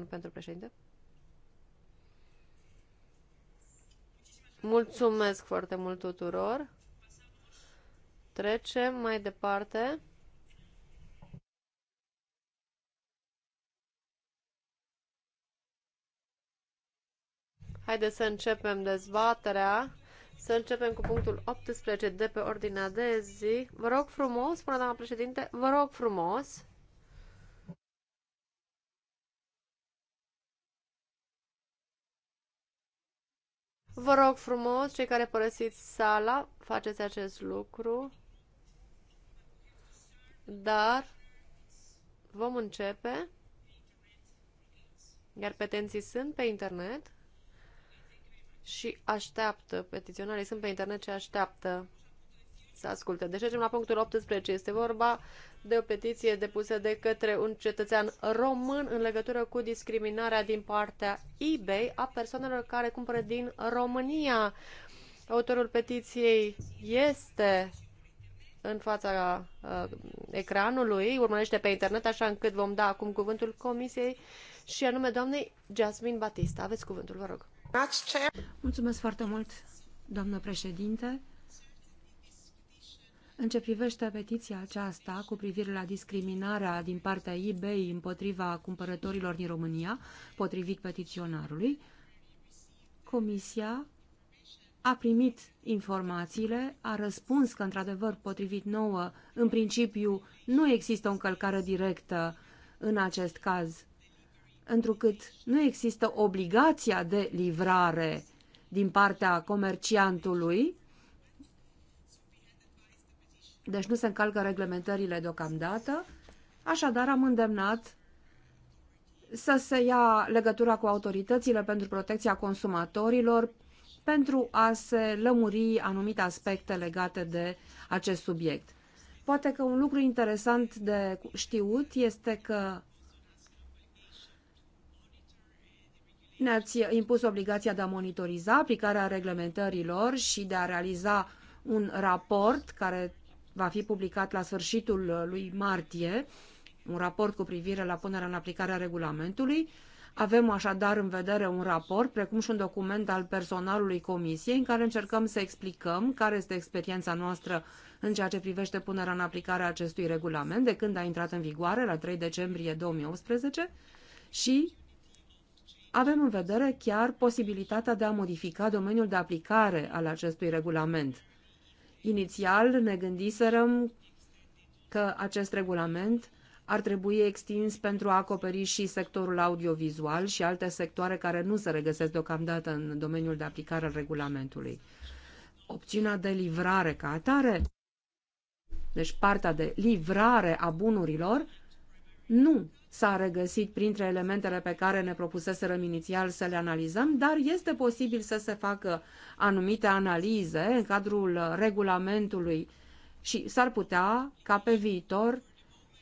Microfon pentru președinte. Mulțumesc foarte mult tuturor. Trecem mai departe. Haideți să începem dezbaterea. Să începem cu punctul 18 de pe ordinea de zi. Vă rog frumos, până doamna președinte, vă rog frumos. Vă rog frumos, cei care părăsiți sala, faceți acest lucru. Dar vom începe. Iar petenții sunt pe internet și așteaptă, petiționarii sunt pe internet și așteaptă să asculte. Deci ajungem la punctul 18. Este vorba de o petiție depusă de către un cetățean român în legătură cu discriminarea din partea eBay a persoanelor care cumpără din România. Autorul petiției este în fața uh, ecranului, urmărește pe internet, așa încât vom da acum cuvântul comisiei și anume doamnei Jasmine Batista. Aveți cuvântul, vă rog. Mulțumesc foarte mult, doamnă președinte. În ce privește petiția aceasta cu privire la discriminarea din partea eBay împotriva cumpărătorilor din România, potrivit petiționarului, Comisia a primit informațiile, a răspuns că, într-adevăr, potrivit nouă, în principiu, nu există o încălcare directă în acest caz, întrucât nu există obligația de livrare din partea comerciantului, deci nu se încalcă reglementările deocamdată, așadar am îndemnat să se ia legătura cu autoritățile pentru protecția consumatorilor pentru a se lămuri anumite aspecte legate de acest subiect. Poate că un lucru interesant de știut este că ne-ați impus obligația de a monitoriza aplicarea reglementărilor și de a realiza un raport care va fi publicat la sfârșitul uh, lui martie un raport cu privire la punerea în aplicare a regulamentului. Avem așadar în vedere un raport, precum și un document al personalului comisiei, în care încercăm să explicăm care este experiența noastră în ceea ce privește punerea în aplicare a acestui regulament, de când a intrat în vigoare, la 3 decembrie 2018, și avem în vedere chiar posibilitatea de a modifica domeniul de aplicare al acestui regulament Inițial ne gândiserăm că acest regulament ar trebui extins pentru a acoperi și sectorul audiovizual și alte sectoare care nu se regăsesc deocamdată în domeniul de aplicare al regulamentului. Opțiunea de livrare ca atare, deci partea de livrare a bunurilor, nu s-a regăsit printre elementele pe care ne propuseserăm inițial să le analizăm, dar este posibil să se facă anumite analize în cadrul regulamentului și s-ar putea ca pe viitor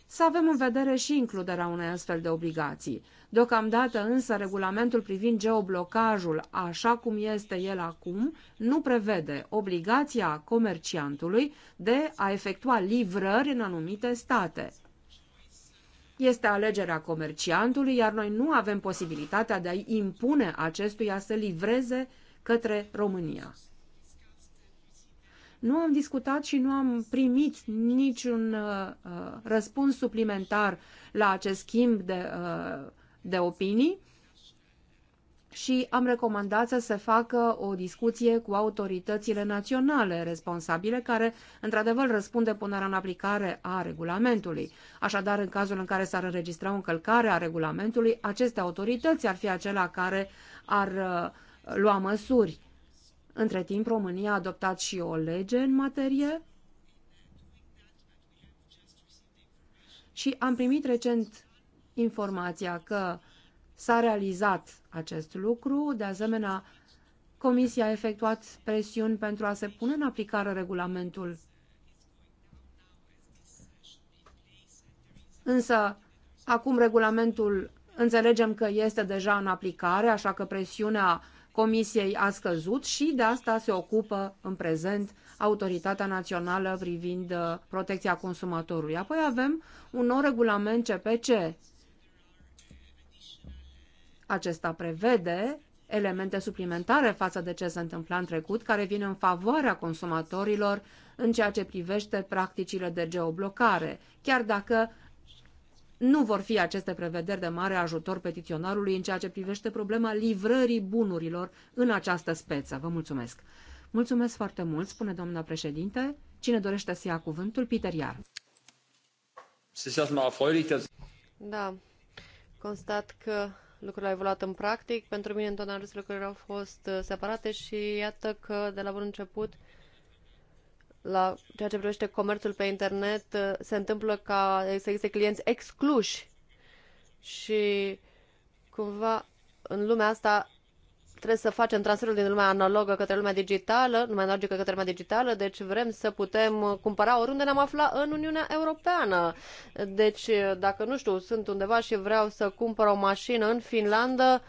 să avem în vedere și includerea unei astfel de obligații. Deocamdată însă regulamentul privind geoblocajul, așa cum este el acum, nu prevede obligația comerciantului de a efectua livrări în anumite state. Este alegerea comerciantului, iar noi nu avem posibilitatea de a-i impune acestuia să livreze către România. Nu am discutat și nu am primit niciun uh, uh răspuns suplimentar la acest schimb de, uh, de opinii și am recomandat să se facă o discuție cu autoritățile naționale responsabile, care într-adevăr răspunde punerea în aplicare a regulamentului. Așadar, în cazul în care s-ar înregistra o încălcare a regulamentului, aceste autorități ar fi acelea care ar uh, lua măsuri. Între timp, România a adoptat și o lege în materie și am primit recent informația că S-a realizat acest lucru, de asemenea, Comisia a efectuat presiuni pentru a se pune în aplicare regulamentul. Însă, acum regulamentul înțelegem că este deja în aplicare, așa că presiunea Comisiei a scăzut și de asta se ocupă în prezent Autoritatea Națională privind uh, protecția consumatorului. Apoi avem un nou regulament CPC, acesta prevede elemente suplimentare față de ce se întâmpla în trecut, care vin în favoarea consumatorilor în ceea ce privește practicile de geoblocare, chiar dacă nu vor fi aceste prevederi de mare ajutor petiționarului în ceea ce privește problema livrării bunurilor în această speță. Vă mulțumesc! Mulțumesc foarte mult, spune doamna președinte. Cine dorește să ia cuvântul? Peter Iar. Da, constat că lucrurile au evoluat în practic. Pentru mine întotdeauna aceste lucruri au fost uh, separate și iată că de la bun început la ceea ce privește comerțul pe internet uh, se întâmplă ca să existe clienți excluși și cumva în lumea asta trebuie să facem transferul din lumea analogă către lumea digitală, lumea analogică către lumea digitală, deci vrem să putem cumpăra oriunde ne-am aflat în Uniunea Europeană. Deci, dacă nu știu, sunt undeva și vreau să cumpăr o mașină în Finlanda,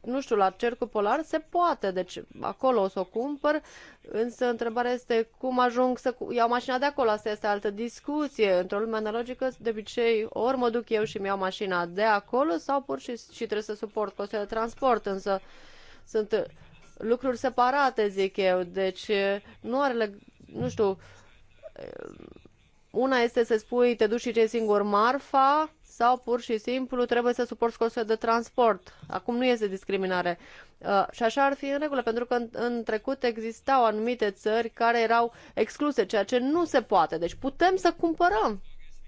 nu știu, la cercul polar se poate, deci acolo o să o cumpăr, însă întrebarea este cum ajung să iau mașina de acolo, asta este altă discuție. Într-o lume analogică, de obicei, ori mă duc eu și mi iau mașina de acolo sau pur și, și trebuie să suport costele de transport, însă sunt uh, lucruri separate, zic eu, deci uh, nu are, nu știu, uh, una este să spui te duci și cei singur marfa sau pur și simplu trebuie să suporți costurile de transport. Acum nu este discriminare. Uh, și așa ar fi în regulă, pentru că în, în trecut existau anumite țări care erau excluse, ceea ce nu se poate. Deci putem să cumpărăm.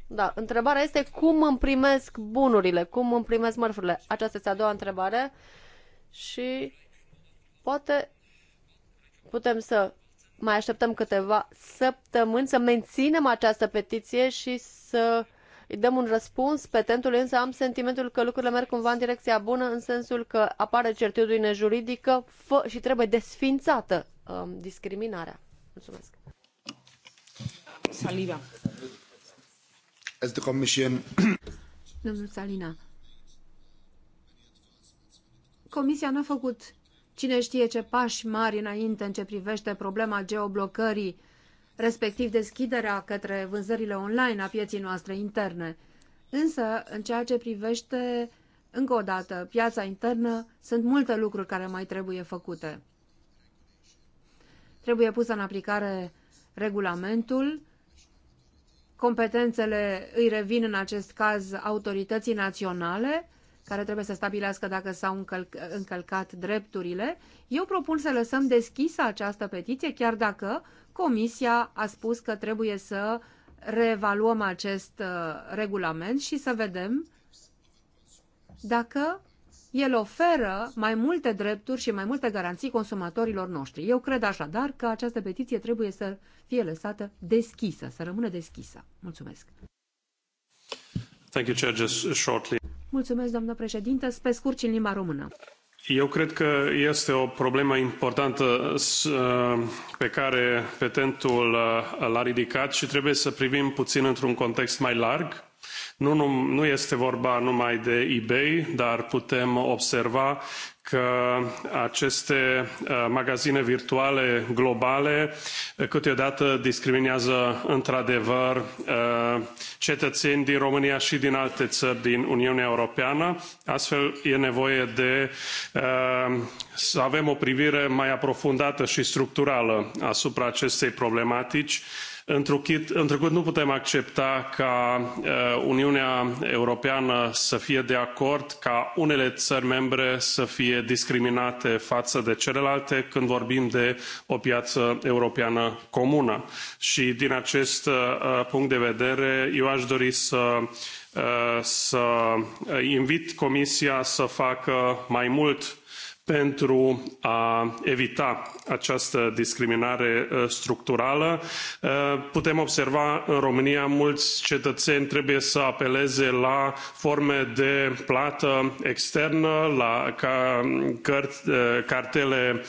Da, întrebarea este cum îmi primesc bunurile, cum îmi primesc mărfurile. Aceasta este a doua întrebare. Și Poate putem să mai așteptăm câteva săptămâni să menținem această petiție și să îi dăm un răspuns petentului, însă am sentimentul că lucrurile merg cumva în direcția bună, în sensul că apare certitudine juridică și trebuie desfințată um, discriminarea. Mulțumesc. Saliva. Domnul Salina. Comisia nu a făcut Cine știe ce pași mari înainte în ce privește problema geoblocării, respectiv deschiderea către vânzările online a pieții noastre interne. Însă, în ceea ce privește, încă o dată, piața internă, sunt multe lucruri care mai trebuie făcute. Trebuie pusă în aplicare regulamentul, competențele îi revin în acest caz autorității naționale, care trebuie să stabilească dacă s-au încălcat drepturile, eu propun să lăsăm deschisă această petiție, chiar dacă Comisia a spus că trebuie să reevaluăm acest uh, regulament și să vedem dacă el oferă mai multe drepturi și mai multe garanții consumatorilor noștri. Eu cred așadar că această petiție trebuie să fie lăsată deschisă, să rămână deschisă. Mulțumesc. Thank you, Chair. Just shortly. Mulțumesc, doamnă președintă. Pe scurt în limba română. Eu cred că este o problemă importantă uh, pe care petentul uh, l-a ridicat și trebuie să privim puțin într-un context mai larg. Nu, nu, nu, este vorba numai de eBay, dar putem observa că aceste uh, magazine virtuale globale uh, câteodată discriminează într-adevăr uh, cetățeni din România și din alte țări din Uniunea Europeană. Astfel e nevoie de să avem o privire mai aprofundată și structurală asupra acestei problematici întrucât, întrucât nu putem accepta ca uh, Uniunea Europeană să fie de acord ca unele țări membre să fie discriminate față de celelalte când vorbim de o piață europeană comună. Și din acest uh, punct de vedere, eu aș dori să uh, să invit Comisia să facă mai mult pentru a evita această discriminare uh, structurală. Uh, putem observa în România mulți cetățeni trebuie să apeleze la forme de plată externă, la uh, cartele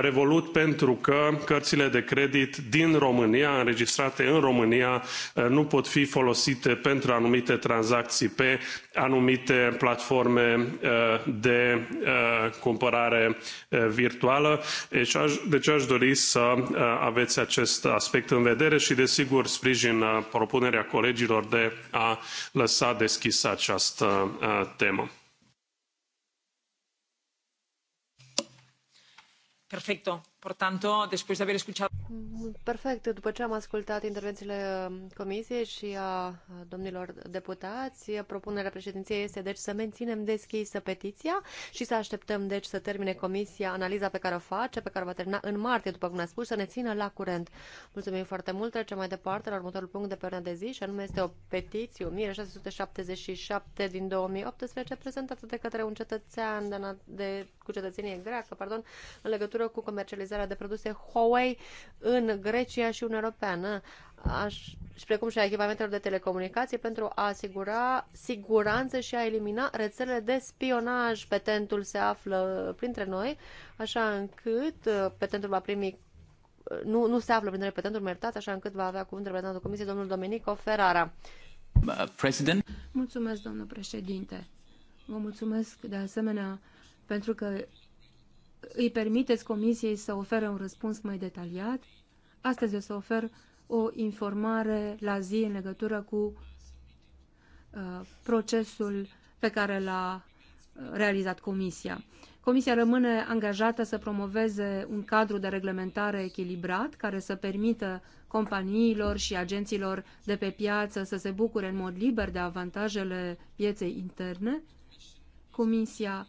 Revolut, pentru că cărțile de credit din România, înregistrate în România, nu pot fi folosite pentru anumite tranzacții pe anumite platforme de cumpărare comunicare virtuală. Deci aș dori să aveți acest aspect în vedere și, desigur, sprijin propunerea colegilor de a lăsa deschisă această temă. Perfecto. Perfect. După ce am ascultat intervențiile um, Comisiei și a domnilor deputați, propunerea președinției este deci să menținem deschisă petiția și să așteptăm deci să termine Comisia analiza pe care o face, pe care o va termina în martie, după cum a spus, să ne țină la curent. Mulțumim foarte mult. Trecem mai departe la următorul punct de pe ordinea de zi și anume este o petiție 1677 din 2018 prezentată de către un cetățean de, de, cu cetățenie greacă, pardon, în legătură cu comercializarea vânzarea de produse Huawei în Grecia și Uniunea Europeană, aș, și precum și a echipamentelor de telecomunicații pentru a asigura siguranță și a elimina rețelele de spionaj. Petentul se află printre noi, așa încât uh, petentul va primi uh, nu, nu se află printre petentul meritat, așa încât va avea cuvântul reprezentantul Comisiei, domnul Domenico Ferrara. Uh, president. Mulțumesc, domnul președinte. Vă mulțumesc de asemenea pentru că îi permiteți Comisiei să ofere un răspuns mai detaliat. Astăzi o să ofer o informare la zi în legătură cu uh, procesul pe care l-a uh, realizat Comisia. Comisia rămâne angajată să promoveze un cadru de reglementare echilibrat care să permită companiilor și agenților de pe piață să se bucure în mod liber de avantajele pieței interne. Comisia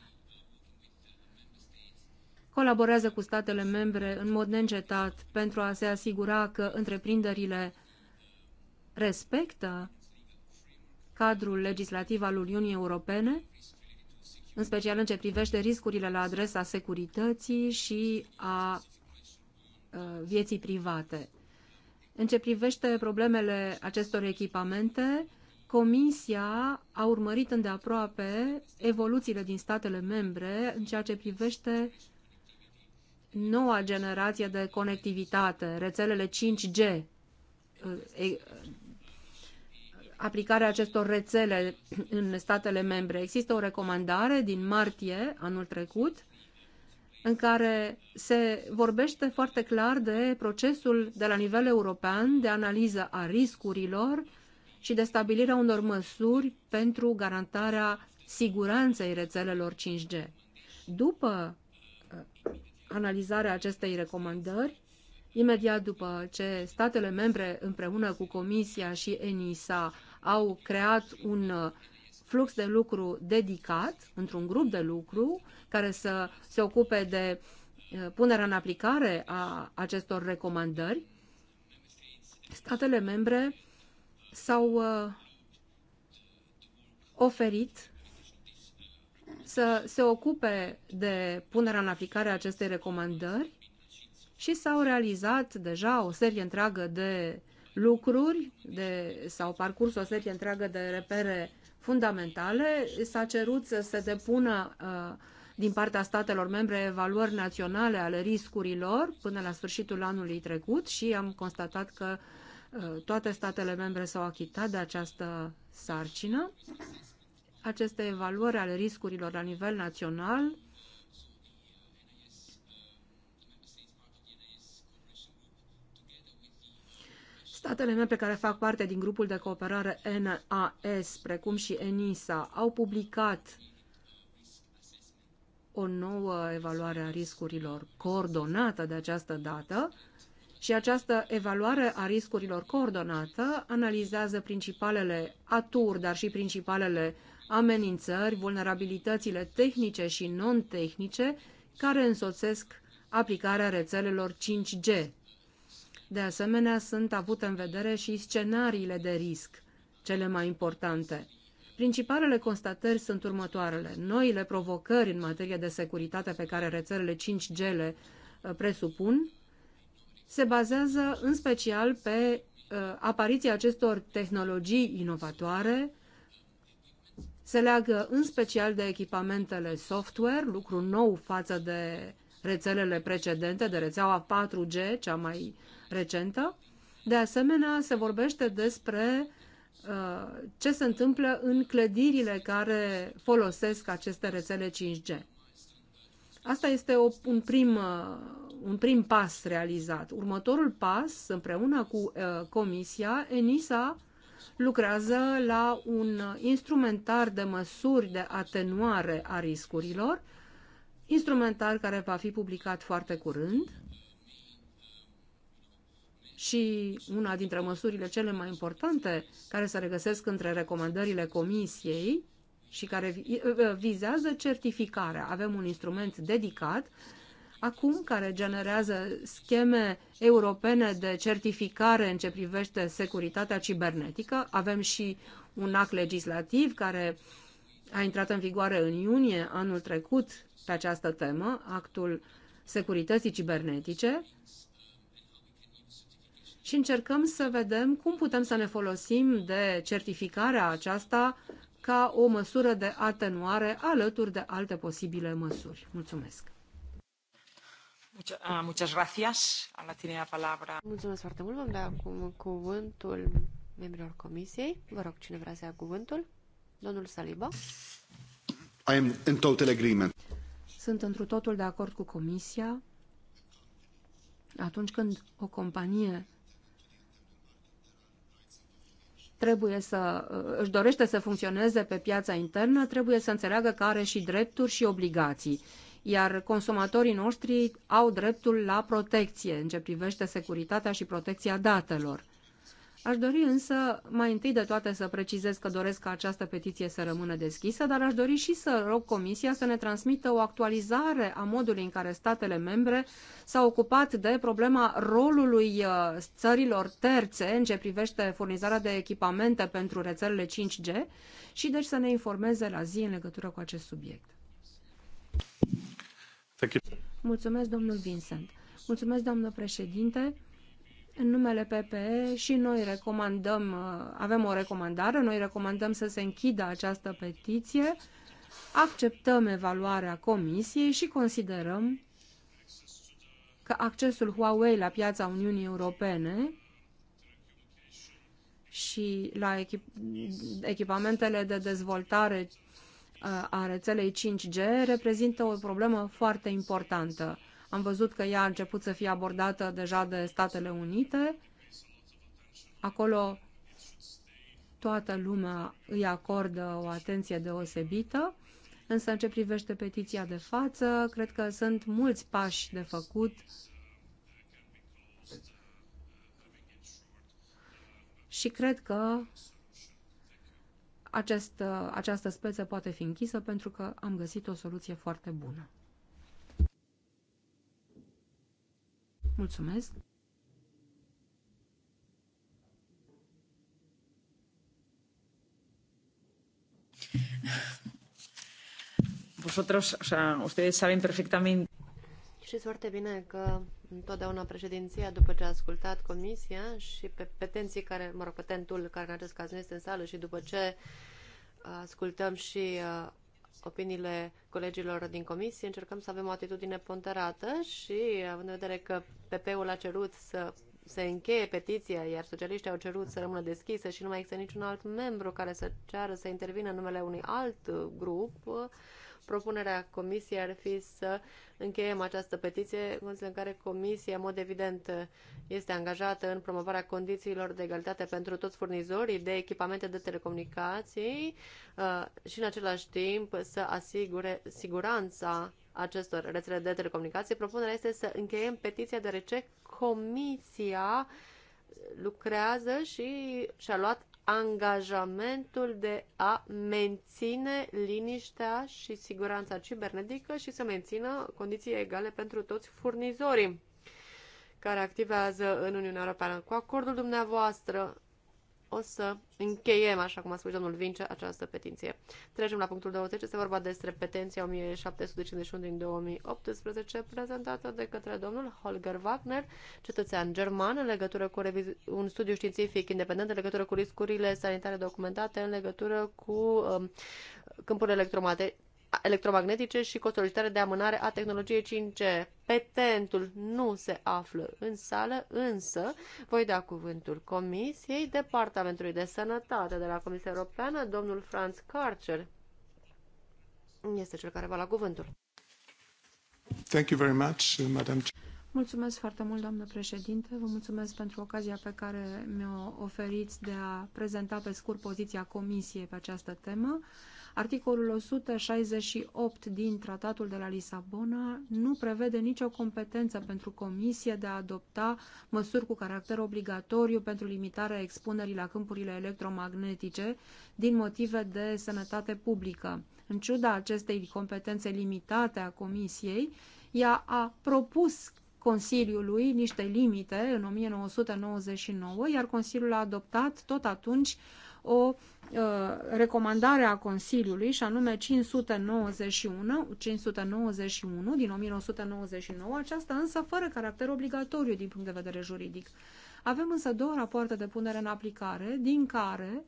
colaborează cu statele membre în mod neîncetat pentru a se asigura că întreprinderile respectă cadrul legislativ al Uniunii Europene, în special în ce privește riscurile la adresa securității și a vieții private. În ce privește problemele acestor echipamente, Comisia a urmărit îndeaproape evoluțiile din statele membre în ceea ce privește noua generație de conectivitate, rețelele 5G, uh, aplicarea acestor rețele în statele membre. Există o recomandare din martie anul trecut în care se vorbește foarte clar de procesul de la nivel european de analiză a riscurilor și de stabilirea unor măsuri pentru garantarea siguranței rețelelor 5G. După uh, analizarea acestei recomandări, imediat după ce statele membre împreună cu Comisia și ENISA au creat un uh, flux de lucru dedicat, într-un grup de lucru, care să se ocupe de uh, punerea în aplicare a acestor recomandări, statele membre s-au uh, oferit să se ocupe de punerea în aplicare a acestei recomandări și s-au realizat deja o serie întreagă de lucruri de, s-au parcurs o serie întreagă de repere fundamentale. S-a cerut să se depună uh, din partea statelor membre evaluări naționale ale riscurilor până la sfârșitul anului trecut și am constatat că uh, toate statele membre s-au achitat de această sarcină aceste evaluări ale riscurilor la nivel național Statele membre care fac parte din grupul de cooperare NAS, precum și ENISA, au publicat o nouă evaluare a riscurilor coordonată de această dată și această evaluare a riscurilor coordonată analizează principalele aturi, dar și principalele amenințări, vulnerabilitățile tehnice și non-tehnice care însoțesc aplicarea rețelelor 5G. De asemenea, sunt avute în vedere și scenariile de risc, cele mai importante. Principalele constatări sunt următoarele. Noile provocări în materie de securitate pe care rețelele 5G le uh, presupun se bazează în special pe uh, apariția acestor tehnologii inovatoare, se leagă în special de echipamentele software, lucru nou față de rețelele precedente, de rețeaua 4G, cea mai recentă. De asemenea, se vorbește despre uh, ce se întâmplă în clădirile care folosesc aceste rețele 5G. Asta este o, un, prim, uh, un prim pas realizat. Următorul pas, împreună cu uh, Comisia, ENISA lucrează la un instrumentar de măsuri de atenuare a riscurilor, instrumentar care va fi publicat foarte curând și una dintre măsurile cele mai importante care se regăsesc între recomandările comisiei și care vizează certificarea. Avem un instrument dedicat acum care generează scheme europene de certificare în ce privește securitatea cibernetică. Avem și un act legislativ care a intrat în vigoare în iunie anul trecut pe această temă, actul securității cibernetice, și încercăm să vedem cum putem să ne folosim de certificarea aceasta ca o măsură de atenuare alături de alte posibile măsuri. Mulțumesc! Ah, muchas gracias. Ahora Mulțumesc foarte mult. Vom da acum cuvântul membrilor comisiei. Vă rog, cine vrea să ia cuvântul? Domnul Saliba. I am in total agreement. Sunt întru totul de acord cu comisia. Atunci când o companie trebuie să uh, își dorește să funcționeze pe piața internă, trebuie să înțeleagă că are și drepturi și obligații iar consumatorii noștri au dreptul la protecție în ce privește securitatea și protecția datelor. Aș dori însă mai întâi de toate să precizez că doresc ca această petiție să rămână deschisă, dar aș dori și să rog Comisia să ne transmită o actualizare a modului în care statele membre s-au ocupat de problema rolului uh, țărilor terțe în ce privește furnizarea de echipamente pentru rețelele 5G și deci să ne informeze la zi în legătură cu acest subiect. Mulțumesc, domnul Vincent. Mulțumesc, doamnă președinte. În numele PPE și noi recomandăm, uh, avem o recomandare, noi recomandăm să se închidă această petiție, acceptăm evaluarea comisiei și considerăm că accesul Huawei la piața Uniunii Europene și la echip, echipamentele de dezvoltare a rețelei 5G reprezintă o problemă foarte importantă. Am văzut că ea a început să fie abordată deja de Statele Unite. Acolo toată lumea îi acordă o atenție deosebită, însă în ce privește petiția de față, cred că sunt mulți pași de făcut și cred că acest, uh, această speță poate fi închisă pentru că am găsit o soluție foarte bună. Mulțumesc! Vosotros, o sea, ustedes saben perfectamente. Știți foarte bine că Întotdeauna președinția, după ce a ascultat comisia și pe petenții care, mă rog, petentul care în acest caz nu este în sală și după ce uh, ascultăm și uh, opiniile colegilor din comisie, încercăm să avem o atitudine ponderată și, având în vedere că PP-ul a cerut să se încheie petiția, iar socialiștii au cerut să rămână deschisă și nu mai există niciun alt membru care să ceară să intervină în numele unui alt uh, grup, propunerea comisiei ar fi să încheiem această petiție, în care comisia, în mod evident, este angajată în promovarea condițiilor de egalitate pentru toți furnizorii de echipamente de telecomunicații uh, și, în același timp, să asigure siguranța acestor rețele de telecomunicații. Propunerea este să încheiem petiția deoarece comisia lucrează și și-a luat angajamentul de a menține liniștea și siguranța cibernetică și să mențină condiții egale pentru toți furnizorii care activează în Uniunea Europeană. Cu acordul dumneavoastră, o să încheiem, așa cum a spus domnul Vince, această petiție. Trecem la punctul 20. Este vorba despre petenția 1751 din 2018, prezentată de către domnul Holger Wagner, cetățean german, în legătură cu un studiu științific independent în legătură cu riscurile sanitare documentate în legătură cu um, câmpurile electromagnetice electromagnetice și cu solicitare de amânare a tehnologiei 5G. Petentul nu se află în sală, însă voi da cuvântul Comisiei Departamentului de Sănătate de la Comisia Europeană, domnul Franz Karcher. Este cel care va la cuvântul. Thank you very much, Madam Mulțumesc foarte mult, doamnă președinte. Vă mulțumesc pentru ocazia pe care mi-o oferiți de a prezenta pe scurt poziția Comisiei pe această temă. Articolul 168 din Tratatul de la Lisabona nu prevede nicio competență pentru Comisie de a adopta măsuri cu caracter obligatoriu pentru limitarea expunerii la câmpurile electromagnetice din motive de sănătate publică. În ciuda acestei competențe limitate a Comisiei, ea a propus Consiliului niște limite în 1999, iar Consiliul a adoptat tot atunci o uh, recomandare a Consiliului, și anume 591, 591 din 1999, aceasta însă fără caracter obligatoriu din punct de vedere juridic. Avem însă două rapoarte de punere în aplicare, din care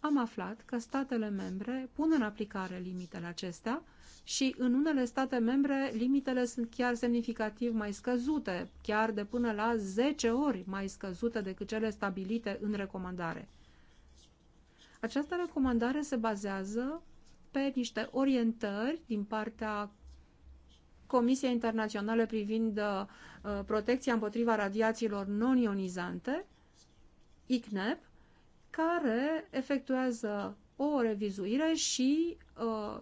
am aflat că statele membre pun în aplicare limitele acestea și în unele state membre limitele sunt chiar semnificativ mai scăzute, chiar de până la 10 ori mai scăzute decât cele stabilite în recomandare. Această recomandare se bazează pe niște orientări din partea Comisiei Internaționale privind uh, protecția împotriva radiațiilor non-ionizante, ICNEP, care efectuează o revizuire și uh,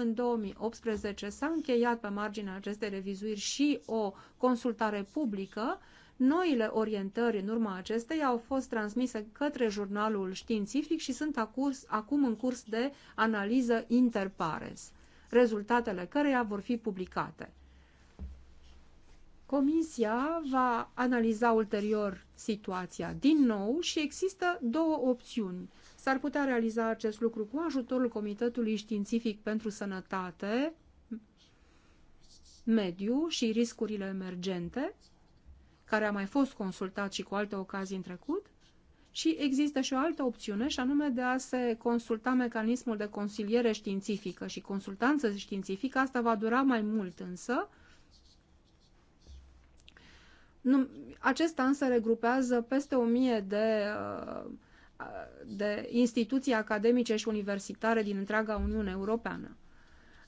în 2018 s-a încheiat pe marginea acestei revizuiri și o consultare publică. Noile orientări în urma acesteia au fost transmise către jurnalul științific și sunt acurs, acum în curs de analiză interpares, rezultatele căreia vor fi publicate. Comisia va analiza ulterior situația din nou și există două opțiuni. S-ar putea realiza acest lucru cu ajutorul Comitetului Științific pentru Sănătate, Mediu și Riscurile Emergente, care a mai fost consultat și cu alte ocazii în trecut, și există și o altă opțiune, și anume de a se consulta mecanismul de consiliere științifică și consultanță științifică. Asta va dura mai mult însă. acesta însă regrupează peste o mie de uh, de instituții academice și universitare din întreaga Uniune Europeană.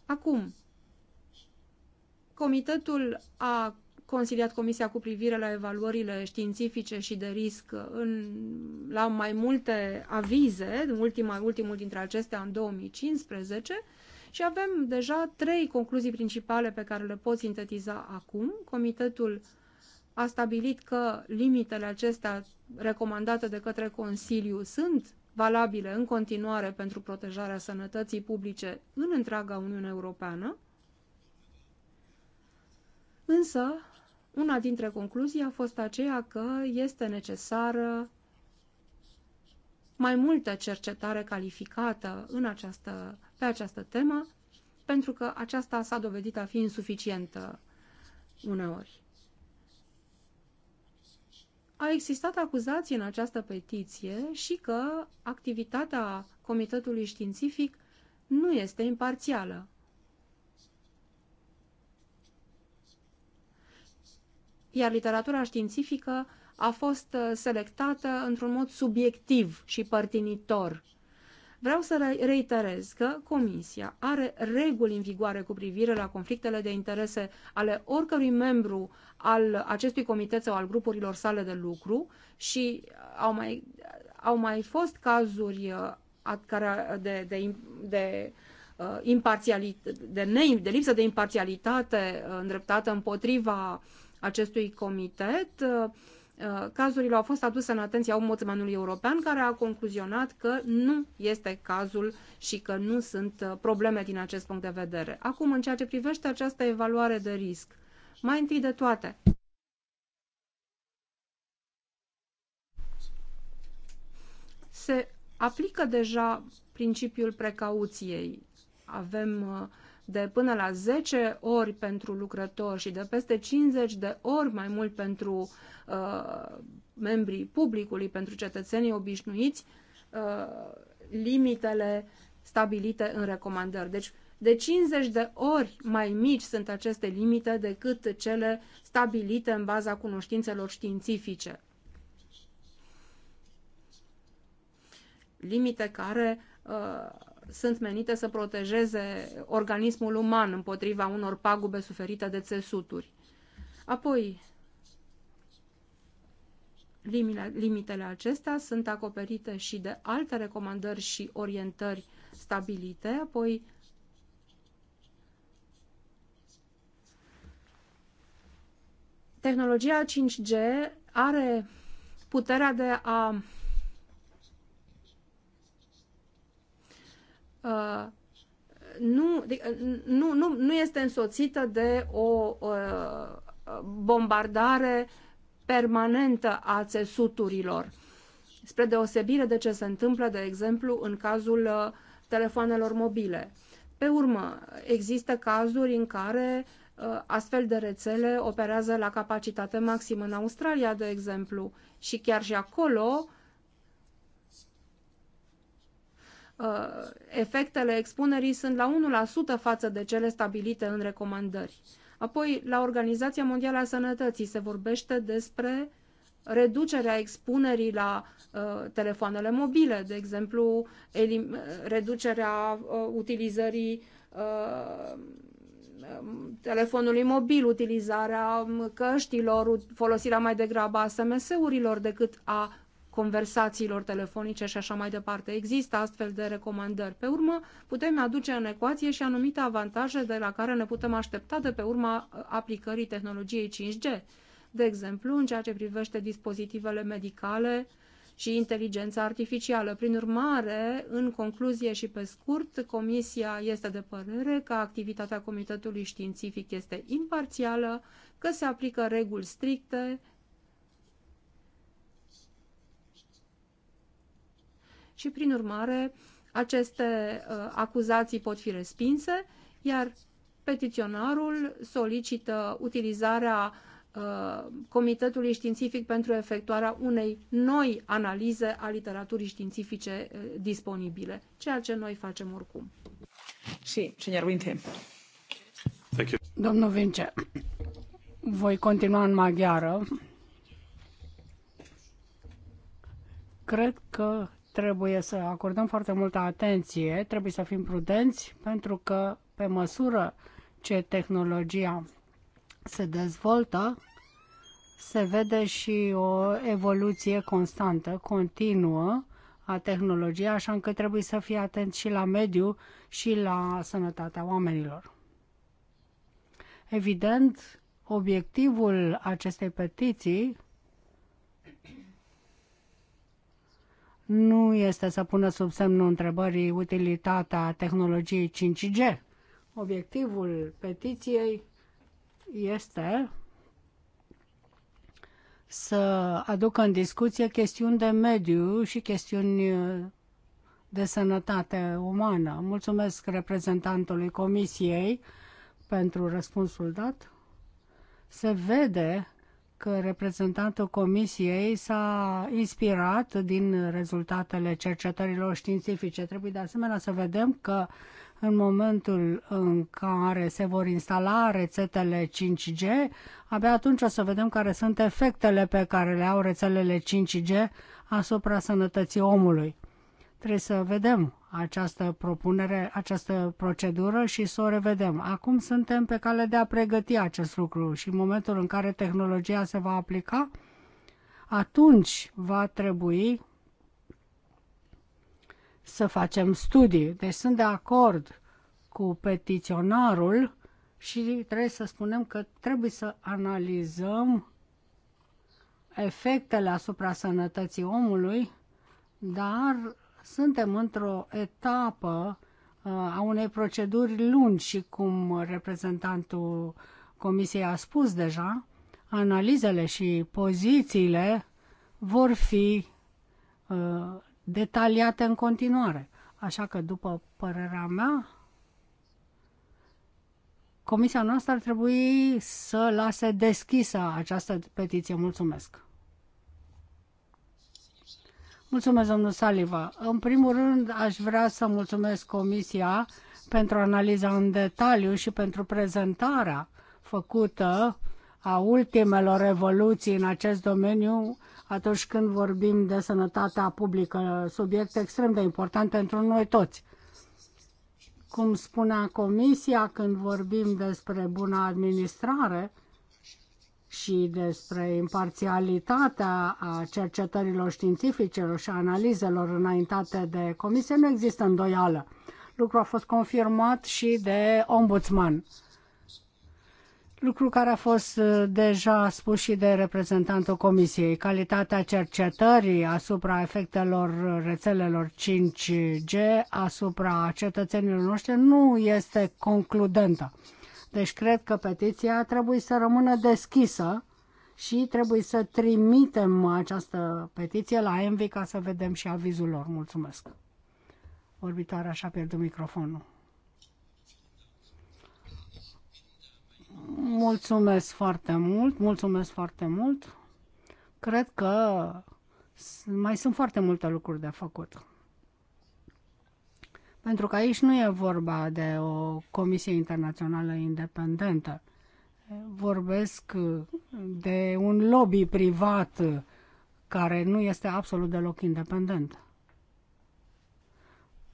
Acum, Comitetul a consiliat Comisia cu privire la evaluările științifice și de risc în, la mai multe avize, ultima, ultimul dintre acestea în 2015, și avem deja trei concluzii principale pe care le pot sintetiza acum. Comitetul uh, a stabilit că limitele acestea recomandate de către Consiliu sunt valabile în continuare pentru protejarea sănătății publice în întreaga Uniune Europeană, însă una dintre concluzii a fost aceea că este necesară mai multă cercetare calificată în această, pe această temă, pentru că aceasta s-a dovedit a fi insuficientă uneori a existat acuzații în această petiție și că activitatea Comitetului Științific nu este imparțială. Iar literatura științifică a fost selectată într-un mod subiectiv și părtinitor Vreau să reiterez că Comisia are reguli în vigoare cu privire la conflictele de interese ale oricărui membru al acestui comitet sau al grupurilor sale de lucru și au mai, au mai fost cazuri uh, de, de, de uh, de, ne, de lipsă de imparțialitate uh, îndreptată împotriva acestui comitet Uh, cazurile au fost aduse în atenția ombudsmanului european, care a concluzionat că nu este cazul și că nu sunt uh, probleme din acest punct de vedere. Acum, în ceea ce privește această evaluare de risc, mai întâi de toate, se aplică deja principiul precauției. Avem uh, de până la 10 ori pentru lucrători și de peste 50 de ori mai mult pentru uh, membrii publicului, pentru cetățenii obișnuiți, uh, limitele stabilite în recomandări. Deci, de 50 de ori mai mici sunt aceste limite decât cele stabilite în baza cunoștințelor științifice. Limite care uh, sunt menite să protejeze organismul uman împotriva unor pagube suferite de țesuturi. Apoi, limitele acestea sunt acoperite și de alte recomandări și orientări stabilite, apoi tehnologia 5G are puterea de a uh, nu, uh, nu, nu, nu este însoțită de o uh, bombardare permanentă a țesuturilor, spre deosebire de ce se întâmplă, de exemplu, în cazul uh, telefoanelor mobile. Pe urmă, există cazuri în care uh, astfel de rețele operează la capacitate maximă în Australia, de exemplu, și chiar și acolo uh, Uh, efectele expunerii sunt la 1% față de cele stabilite în recomandări. Apoi, la Organizația Mondială a Sănătății se vorbește despre reducerea expunerii la uh, telefoanele mobile, de exemplu, reducerea uh, utilizării uh, um, telefonului mobil, utilizarea um, căștilor, folosirea mai degrabă a SMS-urilor decât a conversațiilor telefonice și așa mai departe. Există astfel de recomandări. Pe urmă, putem aduce în ecuație și anumite avantaje de la care ne putem aștepta de pe urma uh, aplicării tehnologiei 5G. De exemplu, în ceea ce privește dispozitivele medicale și inteligența artificială. Prin urmare, în concluzie și pe scurt, Comisia este de părere că activitatea Comitetului Științific este imparțială, că se aplică reguli stricte, și, prin urmare, aceste uh, acuzații pot fi respinse, iar petiționarul solicită utilizarea uh, Comitetului Științific pentru efectuarea unei noi analize a literaturii științifice uh, disponibile, ceea ce noi facem oricum. Și, sí, señor Thank you. Domnul Vince, voi continua în maghiară. Cred că trebuie să acordăm foarte multă atenție, trebuie să fim prudenți, pentru că pe măsură ce tehnologia se dezvoltă, se vede și o evoluție constantă, continuă a tehnologiei, așa încât trebuie să fii atent și la mediu și la sănătatea oamenilor. Evident, obiectivul acestei petiții nu este să pună sub semnul întrebării utilitatea tehnologiei 5G. Obiectivul petiției este să aducă în discuție chestiuni de mediu și chestiuni de sănătate umană. Mulțumesc reprezentantului Comisiei pentru răspunsul dat. Se vede că reprezentantul Comisiei s-a inspirat din rezultatele cercetărilor științifice. Trebuie de asemenea să vedem că în momentul în care se vor instala rețetele 5G, abia atunci o să vedem care sunt efectele pe care le au rețelele 5G asupra sănătății omului. Trebuie să vedem această propunere, această procedură și să o revedem. Acum suntem pe cale de a pregăti acest lucru și în momentul în care tehnologia se va aplica, atunci va trebui să facem studii. Deci sunt de acord cu petiționarul și trebuie să spunem că trebuie să analizăm efectele asupra sănătății omului, dar suntem într-o etapă uh, a unei proceduri lungi și cum reprezentantul Comisiei a spus deja, analizele și pozițiile vor fi uh, detaliate în continuare. Așa că, după părerea mea, comisia noastră ar trebui să lase deschisă această petiție. Mulțumesc! Mulțumesc, domnul Saliva. În primul rând, aș vrea să mulțumesc Comisia pentru analiza în detaliu și pentru prezentarea făcută a ultimelor evoluții în acest domeniu atunci când vorbim de sănătatea publică, subiect extrem de important pentru noi toți. Cum spunea Comisia, când vorbim despre bună administrare, și despre imparțialitatea a cercetărilor științifice și analizelor înaintate de comisie nu există îndoială. Lucru a fost confirmat și de ombudsman. Lucru care a fost uh, deja spus și de reprezentantul comisiei. Calitatea cercetării asupra efectelor rețelelor 5G asupra cetățenilor noștri nu este concludentă. Deci cred că petiția trebuie să rămână deschisă și trebuie să trimitem această petiție la Envi ca să vedem și avizul lor. Mulțumesc. Vorbitoarea așa pierdu microfonul. Mulțumesc foarte mult, mulțumesc foarte mult. Cred că mai sunt foarte multe lucruri de făcut. Pentru că aici nu e vorba de o comisie internațională independentă. Vorbesc de un lobby privat care nu este absolut deloc independent.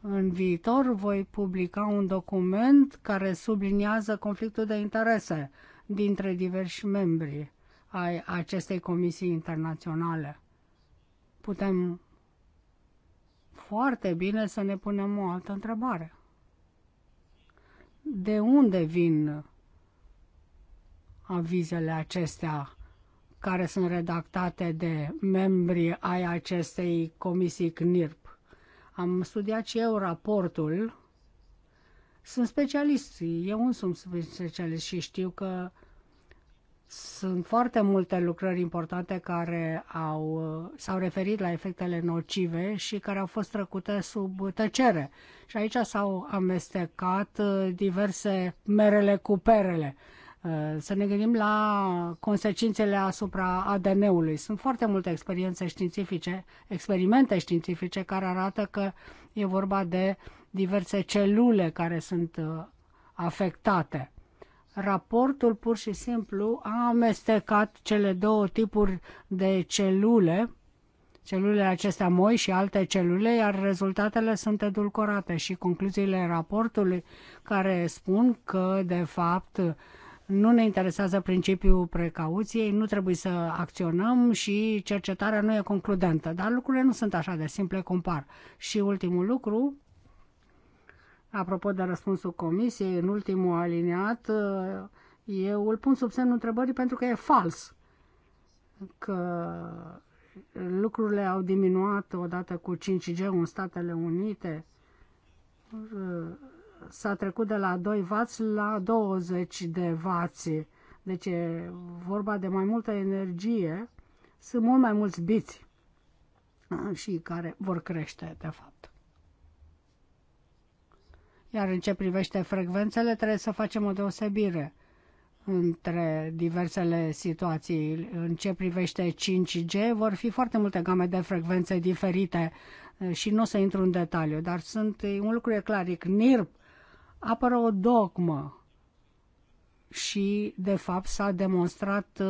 În viitor voi publica un document care subliniază conflictul de interese dintre diversi membri ai acestei comisii internaționale. Putem foarte bine să ne punem o altă întrebare. De unde vin avizele acestea care sunt redactate de membrii ai acestei comisii CNIRP? Am studiat și eu raportul. Sunt specialist, eu însumi sunt specialist și știu că sunt foarte multe lucrări importante care au, s-au referit la efectele nocive și care au fost trecute sub tăcere. Și aici s-au amestecat uh, diverse merele cu perele. Uh, să ne gândim la consecințele asupra ADN-ului. Sunt foarte multe experiențe științifice, experimente științifice care arată că e vorba de diverse celule care sunt uh, afectate. Raportul pur și simplu a amestecat cele două tipuri de celule, celulele acestea moi și alte celule, iar rezultatele sunt edulcorate și concluziile raportului care spun că, de fapt, nu ne interesează principiul precauției, nu trebuie să acționăm și cercetarea nu e concludentă. Dar lucrurile nu sunt așa de simple, compar. Și ultimul lucru, Apropo de răspunsul comisiei, în ultimul aliniat, eu îl pun sub semnul întrebării pentru că e fals că lucrurile au diminuat odată cu 5G în Statele Unite. S-a trecut de la 2 W la 20 de W. Deci e vorba de mai multă energie. Sunt mult mai mulți biți și care vor crește, de fapt. Iar în ce privește frecvențele, trebuie să facem o deosebire între diversele situații. În ce privește 5G, vor fi foarte multe game de frecvențe diferite eh, și nu o să intru în detaliu, dar sunt, un lucru e clar, NIRP apără o dogmă și, de fapt, s-a demonstrat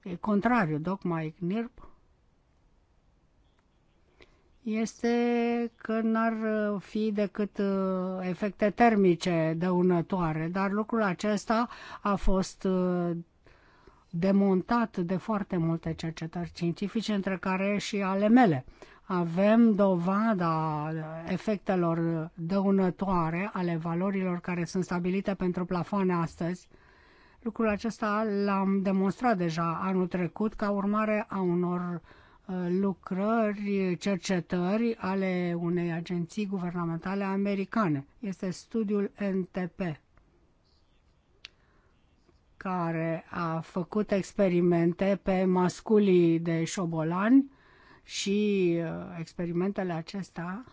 eh, e contrariu. Dogma NIRP este că n-ar uh, fi decât uh, efecte termice dăunătoare, dar lucrul acesta a fost uh, demontat de foarte multe cercetări științifice, între care și ale mele. Avem dovada efectelor dăunătoare ale valorilor care sunt stabilite pentru plafoane astăzi. Lucrul acesta l-am demonstrat deja anul trecut ca urmare a unor uh, lucrări, cercetări ale unei agenții guvernamentale americane. Este studiul NTP, care a făcut experimente pe masculii de șobolani și uh, experimentele acestea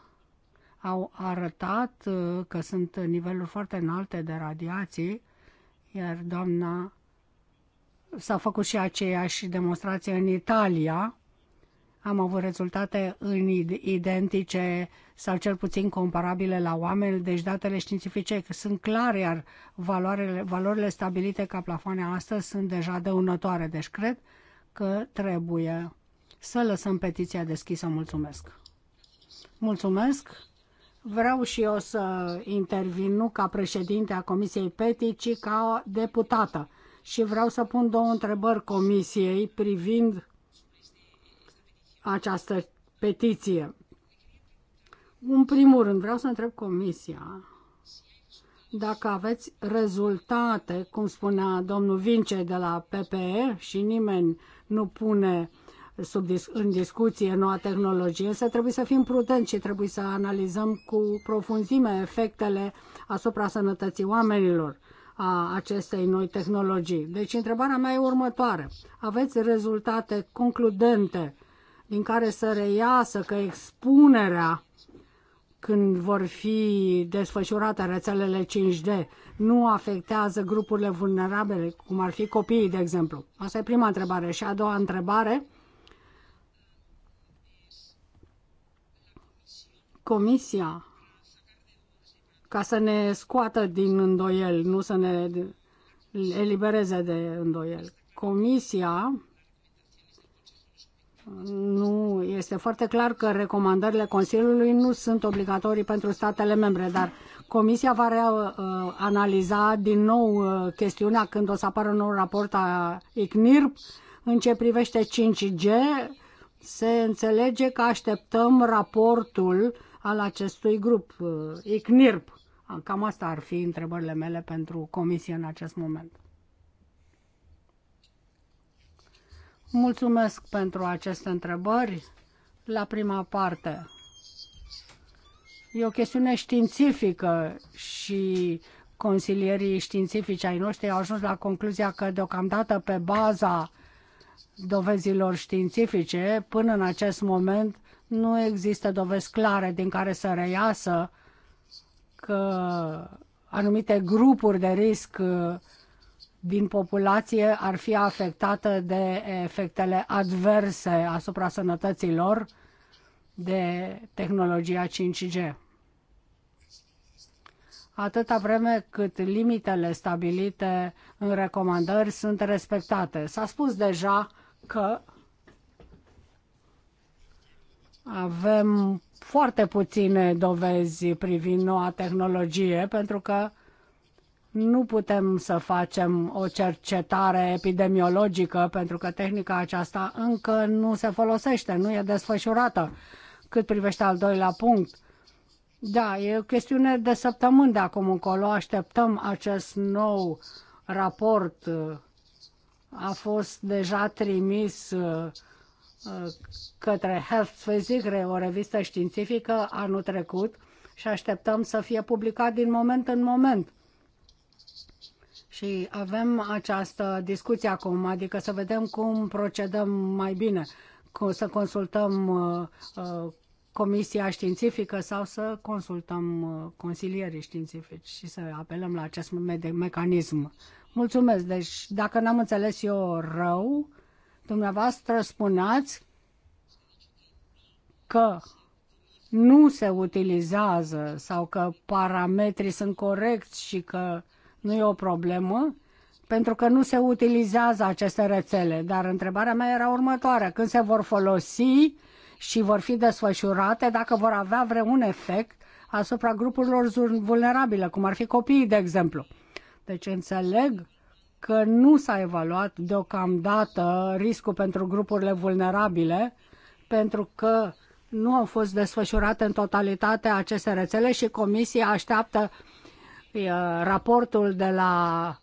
au arătat uh, că sunt niveluri foarte înalte de radiații, iar doamna s-a făcut și aceeași demonstrație în Italia, am avut rezultate în identice sau cel puțin comparabile la oameni, deci datele științifice sunt clare, iar valoarele, valorile stabilite ca plafoane astăzi sunt deja dăunătoare. Deci cred că trebuie să lăsăm petiția deschisă. Mulțumesc! Mulțumesc! Vreau și eu să intervin nu ca președinte a Comisiei PETI, ci ca deputată. Și vreau să pun două întrebări Comisiei privind această petiție. În primul rând, vreau să întreb Comisia dacă aveți rezultate, cum spunea domnul Vince de la PPE și nimeni nu pune sub dis- în discuție noua tehnologie, însă trebuie să fim prudenți și trebuie să analizăm cu profunzime efectele asupra sănătății oamenilor a acestei noi tehnologii. Deci întrebarea mea e următoare. Aveți rezultate concludente din care să reiasă că expunerea când vor fi desfășurate rețelele 5G nu afectează grupurile vulnerabile, cum ar fi copiii, de exemplu? Asta e prima întrebare. Și a doua întrebare, Comisia, ca să ne scoată din îndoiel, nu să ne elibereze de îndoiel, Comisia nu este foarte clar că recomandările Consiliului nu sunt obligatorii pentru statele membre, dar Comisia va uh, analiza din nou uh, chestiunea când o să apară un nou raport a ICNIRP în ce privește 5G. Se înțelege că așteptăm raportul al acestui grup uh, ICNIRP. Cam asta ar fi întrebările mele pentru Comisie în acest moment. Mulțumesc pentru aceste întrebări. La prima parte, e o chestiune științifică și consilierii științifici ai noștri au ajuns la concluzia că deocamdată pe baza dovezilor științifice, până în acest moment, nu există dovezi clare din care să reiasă că anumite grupuri de risc din populație ar fi afectată de efectele adverse asupra sănătății lor de tehnologia 5G. Atâta vreme cât limitele stabilite în recomandări sunt respectate. S-a spus deja că avem foarte puține dovezi privind noua tehnologie, pentru că nu putem să facem o cercetare epidemiologică pentru că tehnica aceasta încă nu se folosește, nu e desfășurată. Cât privește al doilea punct, da, e o chestiune de săptămâni de acum încolo. Așteptăm acest nou raport. A fost deja trimis uh, către Health Physics, o revistă științifică, anul trecut și așteptăm să fie publicat din moment în moment și avem această discuție acum, adică să vedem cum procedăm mai bine, să consultăm uh, uh, comisia științifică sau să consultăm uh, consilierii științifici și să apelăm la acest mecanism. Mulțumesc. Deci, dacă n-am înțeles eu rău, dumneavoastră spuneați că nu se utilizează sau că parametrii sunt corecți și că nu e o problemă, pentru că nu se utilizează aceste rețele. Dar întrebarea mea era următoarea. Când se vor folosi și vor fi desfășurate, dacă vor avea vreun efect asupra grupurilor vulnerabile, cum ar fi copiii, de exemplu. Deci înțeleg că nu s-a evaluat deocamdată riscul pentru grupurile vulnerabile, pentru că nu au fost desfășurate în totalitate aceste rețele și Comisia așteaptă raportul de la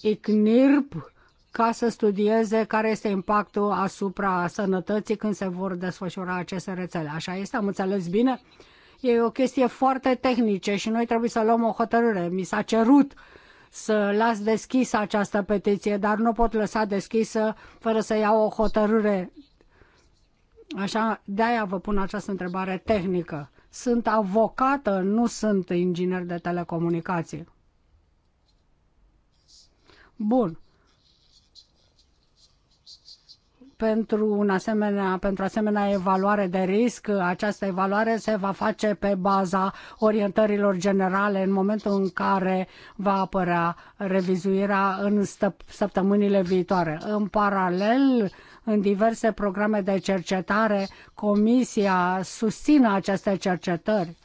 ICNIRP ca să studieze care este impactul asupra sănătății când se vor desfășura aceste rețele. Așa este, am înțeles bine? E o chestie foarte tehnică și noi trebuie să luăm o hotărâre. Mi s-a cerut să las deschisă această petiție, dar nu pot lăsa deschisă fără să iau o hotărâre. Așa, de-aia vă pun această întrebare tehnică. Sunt avocată, nu sunt inginer de telecomunicații. Bun. Pentru, un asemenea, pentru asemenea evaluare de risc, această evaluare se va face pe baza orientărilor generale în momentul în care va apărea revizuirea în săptămânile viitoare. În paralel, în diverse programe de cercetare. Comisia susține aceste cercetări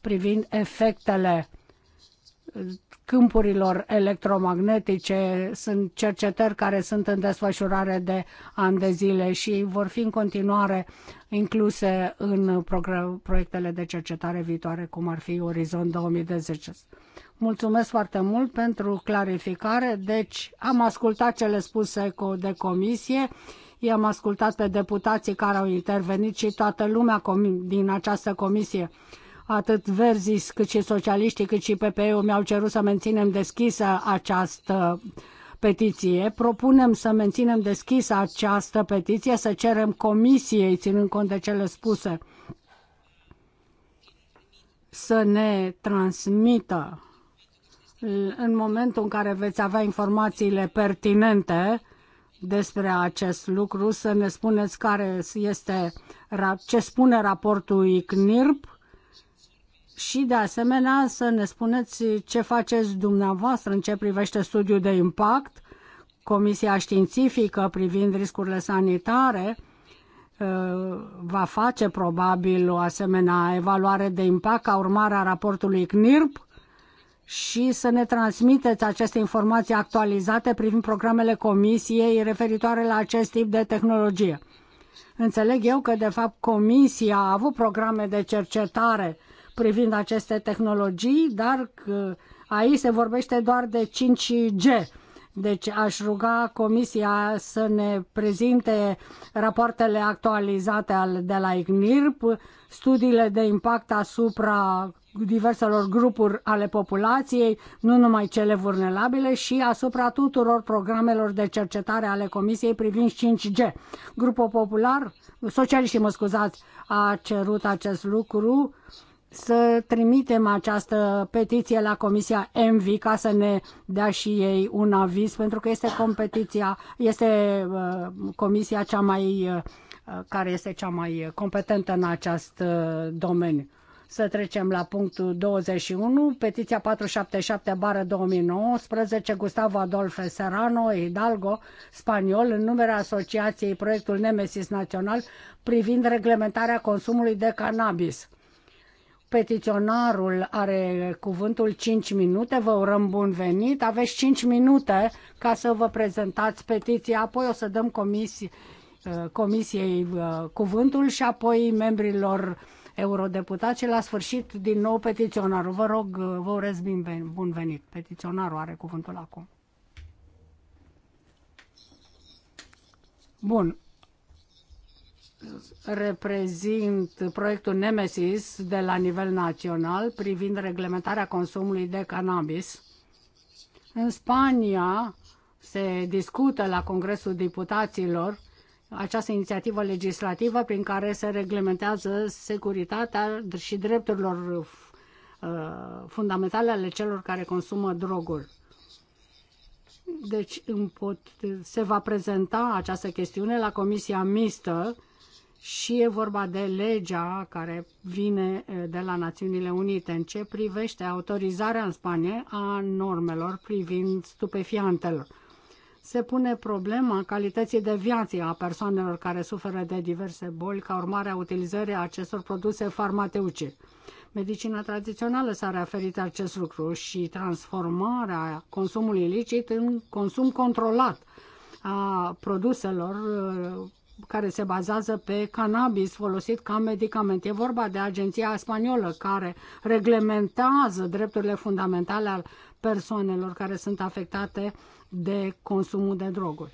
privind efectele câmpurilor electromagnetice. Sunt cercetări care sunt în desfășurare de ani de zile și vor fi în continuare incluse în proiectele de cercetare viitoare, cum ar fi Orizont 2010. Mulțumesc foarte mult pentru clarificare. Deci am ascultat cele spuse de comisie. I-am ascultat pe deputații care au intervenit și toată lumea din această comisie atât verzii cât și socialiștii cât și PPE-ul mi-au cerut să menținem deschisă această petiție. Propunem să menținem deschisă această petiție, să cerem comisiei, ținând cont de cele spuse, să ne transmită în momentul în care veți avea informațiile pertinente despre acest lucru, să ne spuneți care este, ce spune raportul ICNIRP și de asemenea să ne spuneți ce faceți dumneavoastră în ce privește studiul de impact, Comisia Științifică privind riscurile sanitare uh, va face probabil o asemenea evaluare de impact ca urmare a raportului CNIRP și să ne transmiteți aceste informații actualizate privind programele comisiei referitoare la acest tip de tehnologie. Înțeleg eu că, de fapt, comisia a avut programe de cercetare privind aceste tehnologii, dar aici se vorbește doar de 5G. Deci aș ruga Comisia să ne prezinte rapoartele actualizate de la ICNIRP, studiile de impact asupra diverselor grupuri ale populației, nu numai cele vulnerabile, și asupra tuturor programelor de cercetare ale Comisiei privind 5G. Grupul Popular, socialiștii, mă scuzați, a cerut acest lucru să trimitem această petiție la Comisia MV ca să ne dea și ei un aviz, pentru că este competiția, este uh, comisia cea mai uh, care este cea mai competentă în acest uh, domeniu. Să trecem la punctul 21, petiția 477 bară 2019, Gustavo Adolfo Serrano Hidalgo, spaniol, în numele Asociației Proiectul Nemesis Național privind reglementarea consumului de cannabis. Petiționarul are cuvântul 5 minute, vă urăm bun venit, aveți 5 minute ca să vă prezentați petiția, apoi o să dăm comisii, eh, comisiei eh, cuvântul și apoi membrilor eurodeputat și la sfârșit din nou petiționarul. Vă rog, vă urez bun venit. Petiționarul are cuvântul acum. Bun. Reprezint proiectul Nemesis de la nivel național privind reglementarea consumului de cannabis. În Spania se discută la Congresul Diputaților această inițiativă legislativă prin care se reglementează securitatea și drepturilor uh, fundamentale ale celor care consumă droguri. Deci pot, se va prezenta această chestiune la Comisia Mistă și e vorba de legea care vine uh, de la Națiunile Unite în ce privește autorizarea în Spania a normelor privind stupefiantelor se pune problema calității de viață a persoanelor care suferă de diverse boli ca urmare a utilizării acestor produse farmaceutice. Medicina tradițională s-a referit acest lucru și transformarea consumului ilicit în consum controlat a produselor uh, care se bazează pe cannabis folosit ca medicament. E vorba de agenția spaniolă care reglementează drepturile fundamentale persoanelor care sunt afectate de consumul de droguri.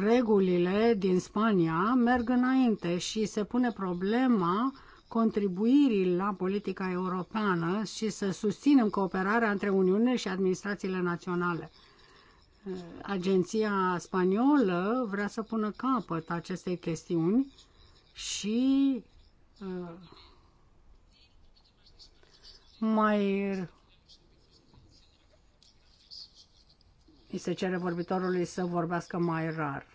Regulile din Spania merg înainte și se pune problema contribuirii la politica europeană și să susținem cooperarea între Uniune și administrațiile naționale. Agenția spaniolă vrea să pună capăt acestei chestiuni și uh, mai îi se cere vorbitorului să vorbească mai rar.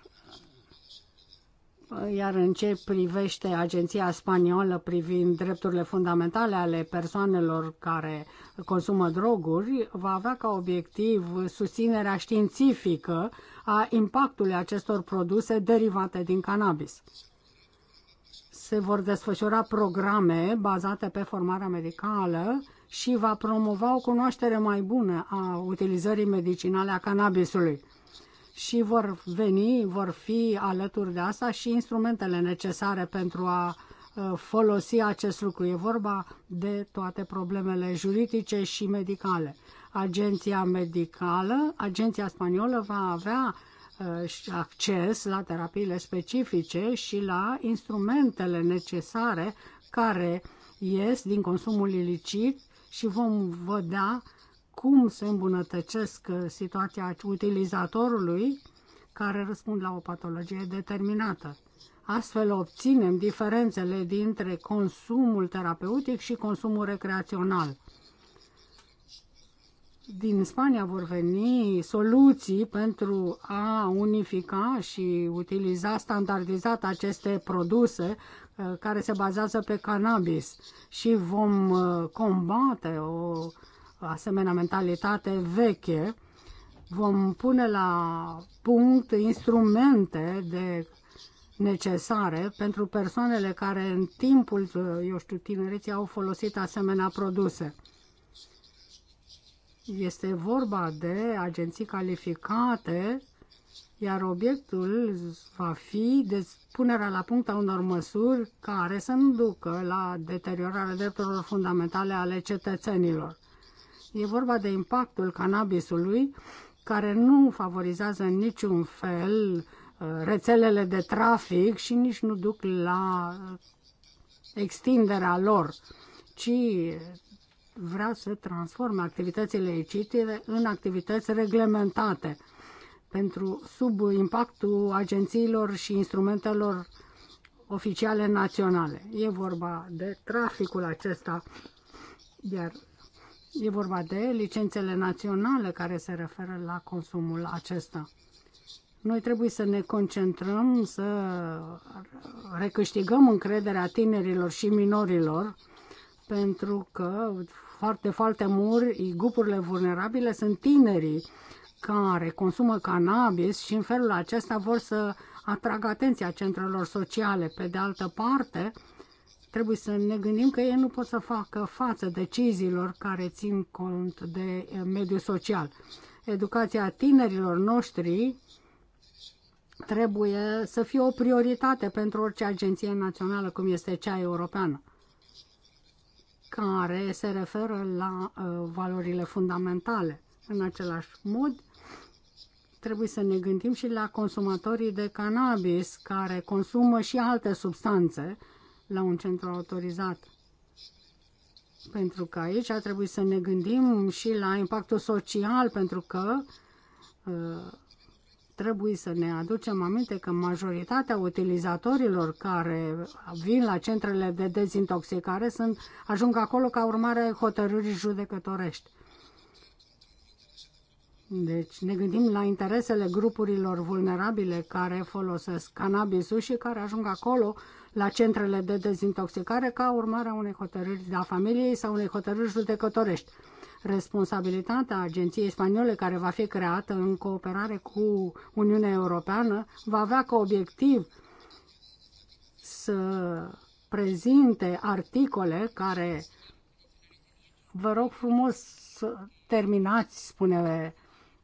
Iar în ce privește agenția spaniolă privind drepturile fundamentale ale persoanelor care consumă droguri, va avea ca obiectiv susținerea științifică a impactului acestor produse derivate din cannabis se vor desfășura programe bazate pe formarea medicală și va promova o cunoaștere mai bună a utilizării medicinale a cannabisului. Și vor veni, vor fi alături de asta și instrumentele necesare pentru a ă, folosi acest lucru. E vorba de toate problemele juridice și medicale. Agenția medicală, agenția spaniolă va avea Uh, acces la terapiile specifice și la instrumentele necesare care ies din consumul ilicit și vom vedea cum se îmbunătățesc uh, situația utilizatorului care răspund la o patologie determinată. Astfel obținem diferențele dintre consumul terapeutic și consumul recreațional din Spania vor veni soluții pentru a unifica și utiliza standardizat aceste produse uh, care se bazează pe cannabis și vom uh, combate o asemenea mentalitate veche. Vom pune la punct instrumente de necesare pentru persoanele care în timpul, uh, eu știu, tinereții au folosit asemenea produse. Este vorba de agenții calificate, iar obiectul va fi de punerea la punct a unor măsuri care să nu ducă la deteriorarea drepturilor fundamentale ale cetățenilor. E vorba de impactul cannabisului care nu favorizează în niciun fel uh, rețelele de trafic și nici nu duc la uh, extinderea lor, ci vrea să transforme activitățile licite în activități reglementate pentru sub impactul agențiilor și instrumentelor oficiale naționale. E vorba de traficul acesta, iar e vorba de licențele naționale care se referă la consumul acesta. Noi trebuie să ne concentrăm, să recâștigăm încrederea tinerilor și minorilor pentru că foarte, foarte mult grupurile vulnerabile sunt tinerii care consumă cannabis și în felul acesta vor să atragă atenția centrelor sociale. Pe de altă parte, trebuie să ne gândim că ei nu pot să facă față deciziilor care țin cont de eh, mediul social. Educația tinerilor noștri trebuie să fie o prioritate pentru orice agenție națională, cum este cea europeană care se referă la uh, valorile fundamentale. În același mod, trebuie să ne gândim și la consumatorii de cannabis care consumă și alte substanțe la un centru autorizat. Pentru că aici trebuie să ne gândim și la impactul social, pentru că uh, Trebuie să ne aducem aminte că majoritatea utilizatorilor care vin la centrele de dezintoxicare sunt, ajung acolo ca urmare hotărârii judecătorești. Deci ne gândim la interesele grupurilor vulnerabile care folosesc cannabisul și care ajung acolo la centrele de dezintoxicare ca urmare a unei hotărâri a familiei sau unei hotărâri judecătorești. Responsabilitatea agenției spaniole care va fi creată în cooperare cu Uniunea Europeană va avea ca obiectiv să prezinte articole care vă rog frumos să terminați, spune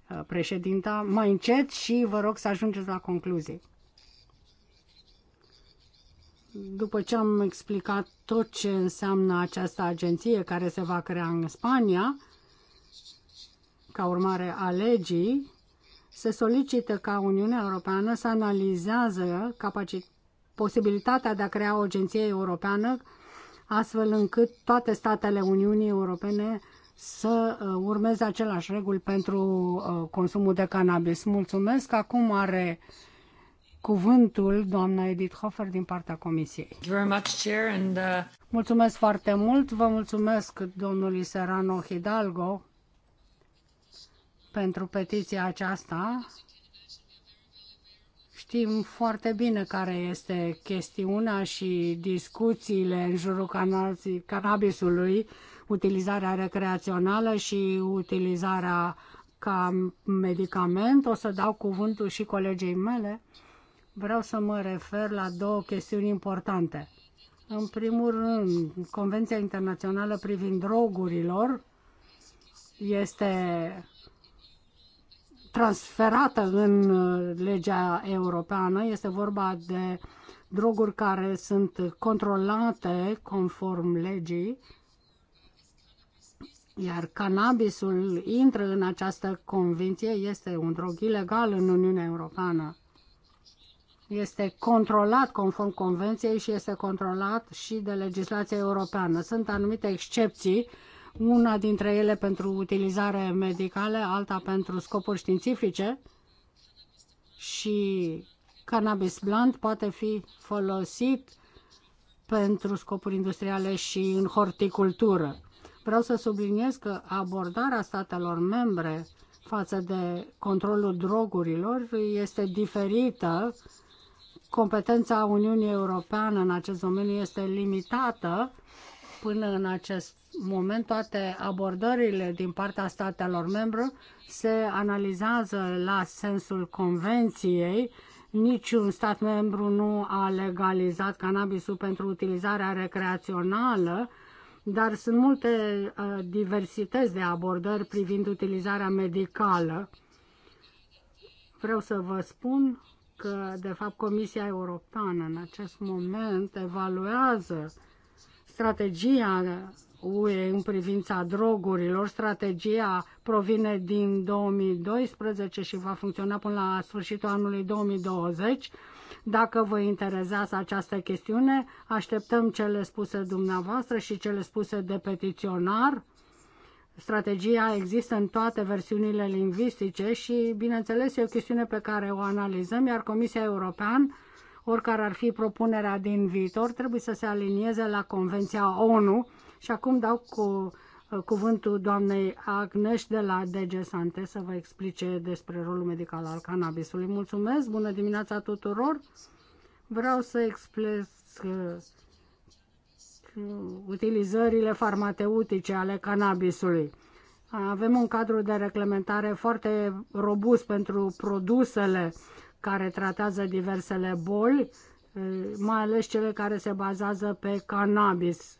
uh, președinta, mai încet și vă rog să ajungeți la concluzii după ce am explicat tot ce înseamnă această agenție care se va crea în Spania, ca urmare a legii, se solicită ca Uniunea Europeană să analizează posibilitatea de a crea o agenție europeană astfel încât toate statele Uniunii Europene să uh, urmeze același reguli pentru uh, consumul de cannabis. Mulțumesc! Acum are cuvântul doamna Edith Hofer din partea Comisiei. Very much, Chair, and, uh... Mulțumesc foarte mult, vă mulțumesc domnului Serrano Hidalgo pentru petiția aceasta. Știm foarte bine care este chestiunea și discuțiile în jurul cannabisului, utilizarea recreațională și utilizarea ca medicament. O să dau cuvântul și colegei mele vreau să mă refer la două chestiuni importante. În primul rând, Convenția Internațională privind drogurilor este transferată în uh, legea europeană. Este vorba de droguri care sunt controlate conform legii, iar cannabisul intră în această convenție, este un drog ilegal în Uniunea Europeană este controlat conform convenției și este controlat și de legislația europeană. Sunt anumite excepții, una dintre ele pentru utilizare medicală, alta pentru scopuri științifice și cannabis blunt poate fi folosit pentru scopuri industriale și în horticultură. Vreau să subliniez că abordarea statelor membre față de controlul drogurilor este diferită competența Uniunii Europeană în acest domeniu este limitată până în acest moment toate abordările din partea statelor membre se analizează la sensul convenției. Niciun stat membru nu a legalizat cannabisul pentru utilizarea recreațională, dar sunt multe uh, diversități de abordări privind utilizarea medicală. Vreau să vă spun că, de fapt, Comisia Europeană în acest moment evaluează strategia UE în privința drogurilor. Strategia provine din 2012 și va funcționa până la sfârșitul anului 2020. Dacă vă interesează această chestiune, așteptăm cele spuse dumneavoastră și cele spuse de petiționar Strategia există în toate versiunile lingvistice și, bineînțeles, e o chestiune pe care o analizăm, iar Comisia Europeană, oricare ar fi propunerea din viitor, trebuie să se alinieze la Convenția ONU. Și acum dau cu uh, cuvântul doamnei Agneș de la DG Sante să vă explice despre rolul medical al cannabisului. Mulțumesc, bună dimineața tuturor! Vreau să expres uh, utilizările farmaceutice ale cannabisului. Avem un cadru de reglementare foarte robust pentru produsele care tratează diversele boli, mai ales cele care se bazează pe cannabis.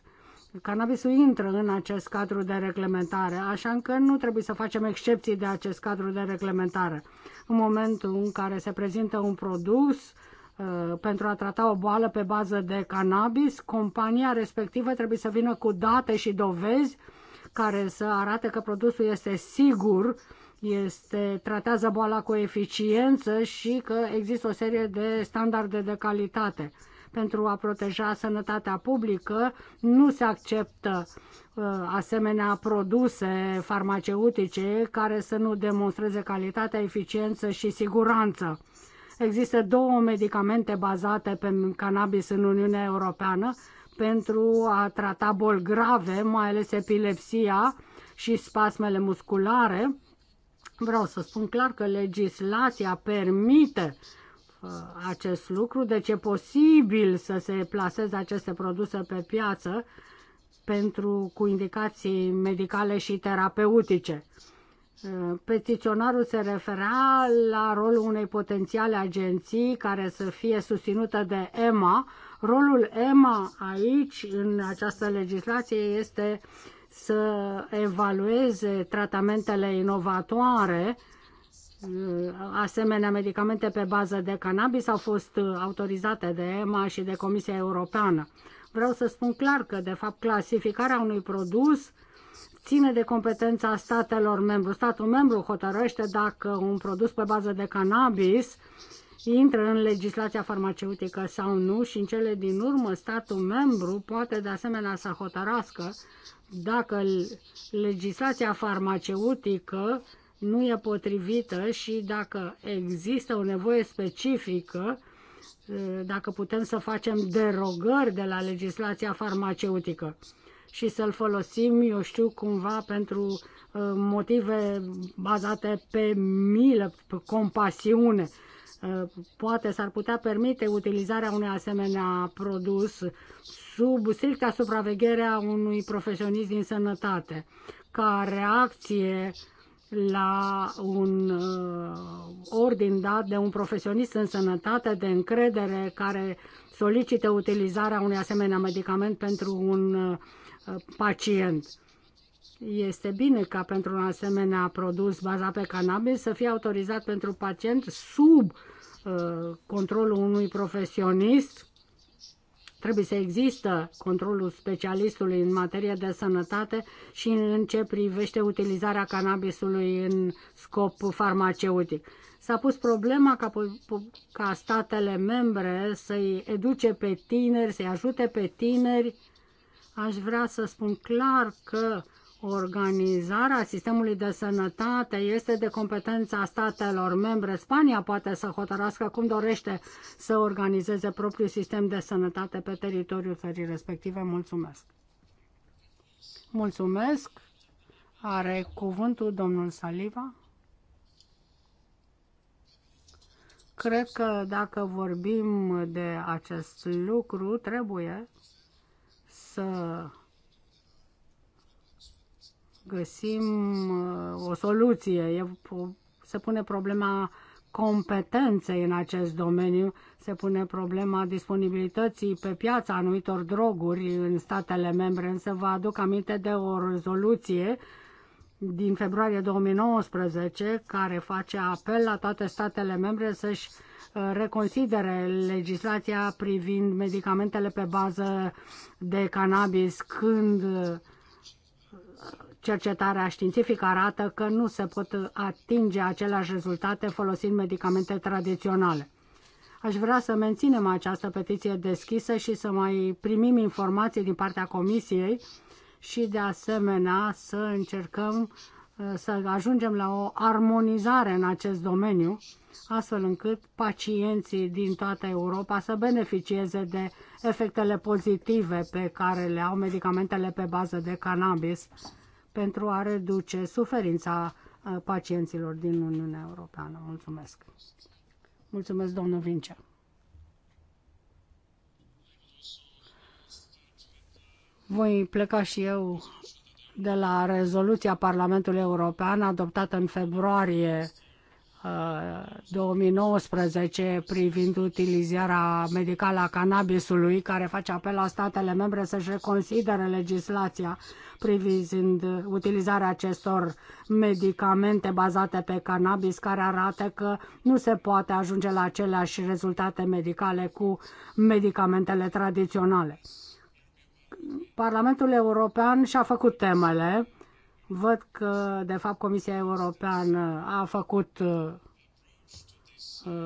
Cannabisul intră în acest cadru de reglementare, așa că nu trebuie să facem excepții de acest cadru de reglementare. În momentul în care se prezintă un produs, Uh, pentru a trata o boală pe bază de cannabis, compania respectivă trebuie să vină cu date și dovezi care să arate că produsul este sigur, este, tratează boala cu eficiență și că există o serie de standarde de calitate. Pentru a proteja sănătatea publică nu se acceptă uh, asemenea produse farmaceutice care să nu demonstreze calitatea, eficiență și siguranță Există două medicamente bazate pe cannabis în Uniunea Europeană pentru a trata boli grave, mai ales epilepsia și spasmele musculare. Vreau să spun clar că legislația permite uh, acest lucru, deci e posibil să se plaseze aceste produse pe piață pentru, cu indicații medicale și terapeutice. Petiționarul se refera la rolul unei potențiale agenții care să fie susținută de EMA. Rolul EMA aici, în această legislație, este să evalueze tratamentele inovatoare asemenea medicamente pe bază de cannabis au fost autorizate de EMA și de Comisia Europeană. Vreau să spun clar că, de fapt, clasificarea unui produs ține de competența statelor membru. Statul membru hotărăște dacă un produs pe bază de cannabis intră în legislația farmaceutică sau nu și în cele din urmă statul membru poate de asemenea să hotărască dacă legislația farmaceutică nu e potrivită și dacă există o nevoie specifică, eh, dacă putem să facem derogări de la legislația farmaceutică și să-l folosim, eu știu, cumva pentru uh, motive bazate pe milă, pe compasiune. Uh, poate s-ar putea permite utilizarea unui asemenea produs sub stricta supravegherea unui profesionist din sănătate, ca reacție la un uh, ordin dat de un profesionist în sănătate de încredere care solicită utilizarea unui asemenea medicament pentru un uh, pacient. Este bine ca pentru un asemenea produs bazat pe cannabis să fie autorizat pentru pacient sub uh, controlul unui profesionist. Trebuie să există controlul specialistului în materie de sănătate și în ce privește utilizarea cannabisului în scop farmaceutic. S-a pus problema ca, ca statele membre să-i educe pe tineri, să-i ajute pe tineri Aș vrea să spun clar că organizarea sistemului de sănătate este de competența statelor membre. Spania poate să hotărască cum dorește să organizeze propriul sistem de sănătate pe teritoriul țării respective. Mulțumesc! Mulțumesc! Are cuvântul domnul Saliva. Cred că dacă vorbim de acest lucru, trebuie să găsim uh, o soluție. E, se pune problema competenței în acest domeniu, se pune problema disponibilității pe piața anumitor droguri în statele membre, însă vă aduc aminte de o rezoluție din februarie 2019 care face apel la toate statele membre să-și reconsidere legislația privind medicamentele pe bază de cannabis când cercetarea științifică arată că nu se pot atinge aceleași rezultate folosind medicamente tradiționale. Aș vrea să menținem această petiție deschisă și să mai primim informații din partea Comisiei și de asemenea să încercăm să ajungem la o armonizare în acest domeniu, astfel încât pacienții din toată Europa să beneficieze de efectele pozitive pe care le au medicamentele pe bază de cannabis pentru a reduce suferința uh, pacienților din Uniunea Europeană. Mulțumesc! Mulțumesc, domnul Vincea! Voi pleca și eu de la rezoluția Parlamentului European adoptată în februarie 2019 uh, privind utilizarea medicală a cannabisului, care face apel la statele membre să-și reconsidere legislația privind utilizarea acestor medicamente bazate pe cannabis, care arată că nu se poate ajunge la aceleași rezultate medicale cu medicamentele tradiționale. Parlamentul European și-a făcut temele. Văd că, de fapt, Comisia Europeană a făcut uh,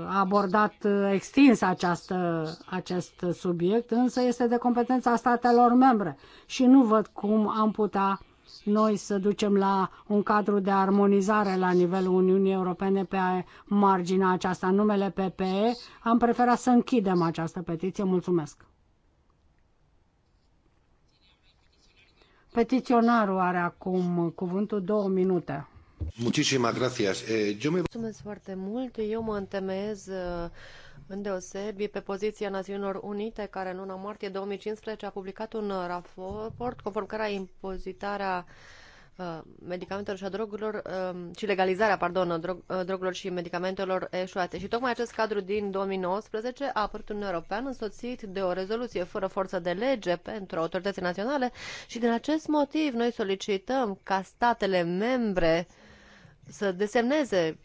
a abordat uh, extins această, acest subiect, însă este de competența statelor membre și nu văd cum am putea noi să ducem la un cadru de armonizare la nivelul Uniunii Europene pe marginea aceasta. În numele PPE am preferat să închidem această petiție. Mulțumesc! Petiționarul are acum cuvântul două minute. Eh, Mulțumesc foarte mult. Eu mă întemeiez eh, deosebi pe poziția Națiunilor Unite, care în luna martie 2015 a publicat un raport conform care impozitarea Uh, medicamentelor și a drogurilor um, și legalizarea, pardon, drog, uh, drogurilor și medicamentelor eșuate. Și tocmai acest cadru din 2019 a apărut în european însoțit de o rezoluție fără forță de lege pentru autoritățile naționale și din acest motiv noi solicităm ca statele membre să desemneze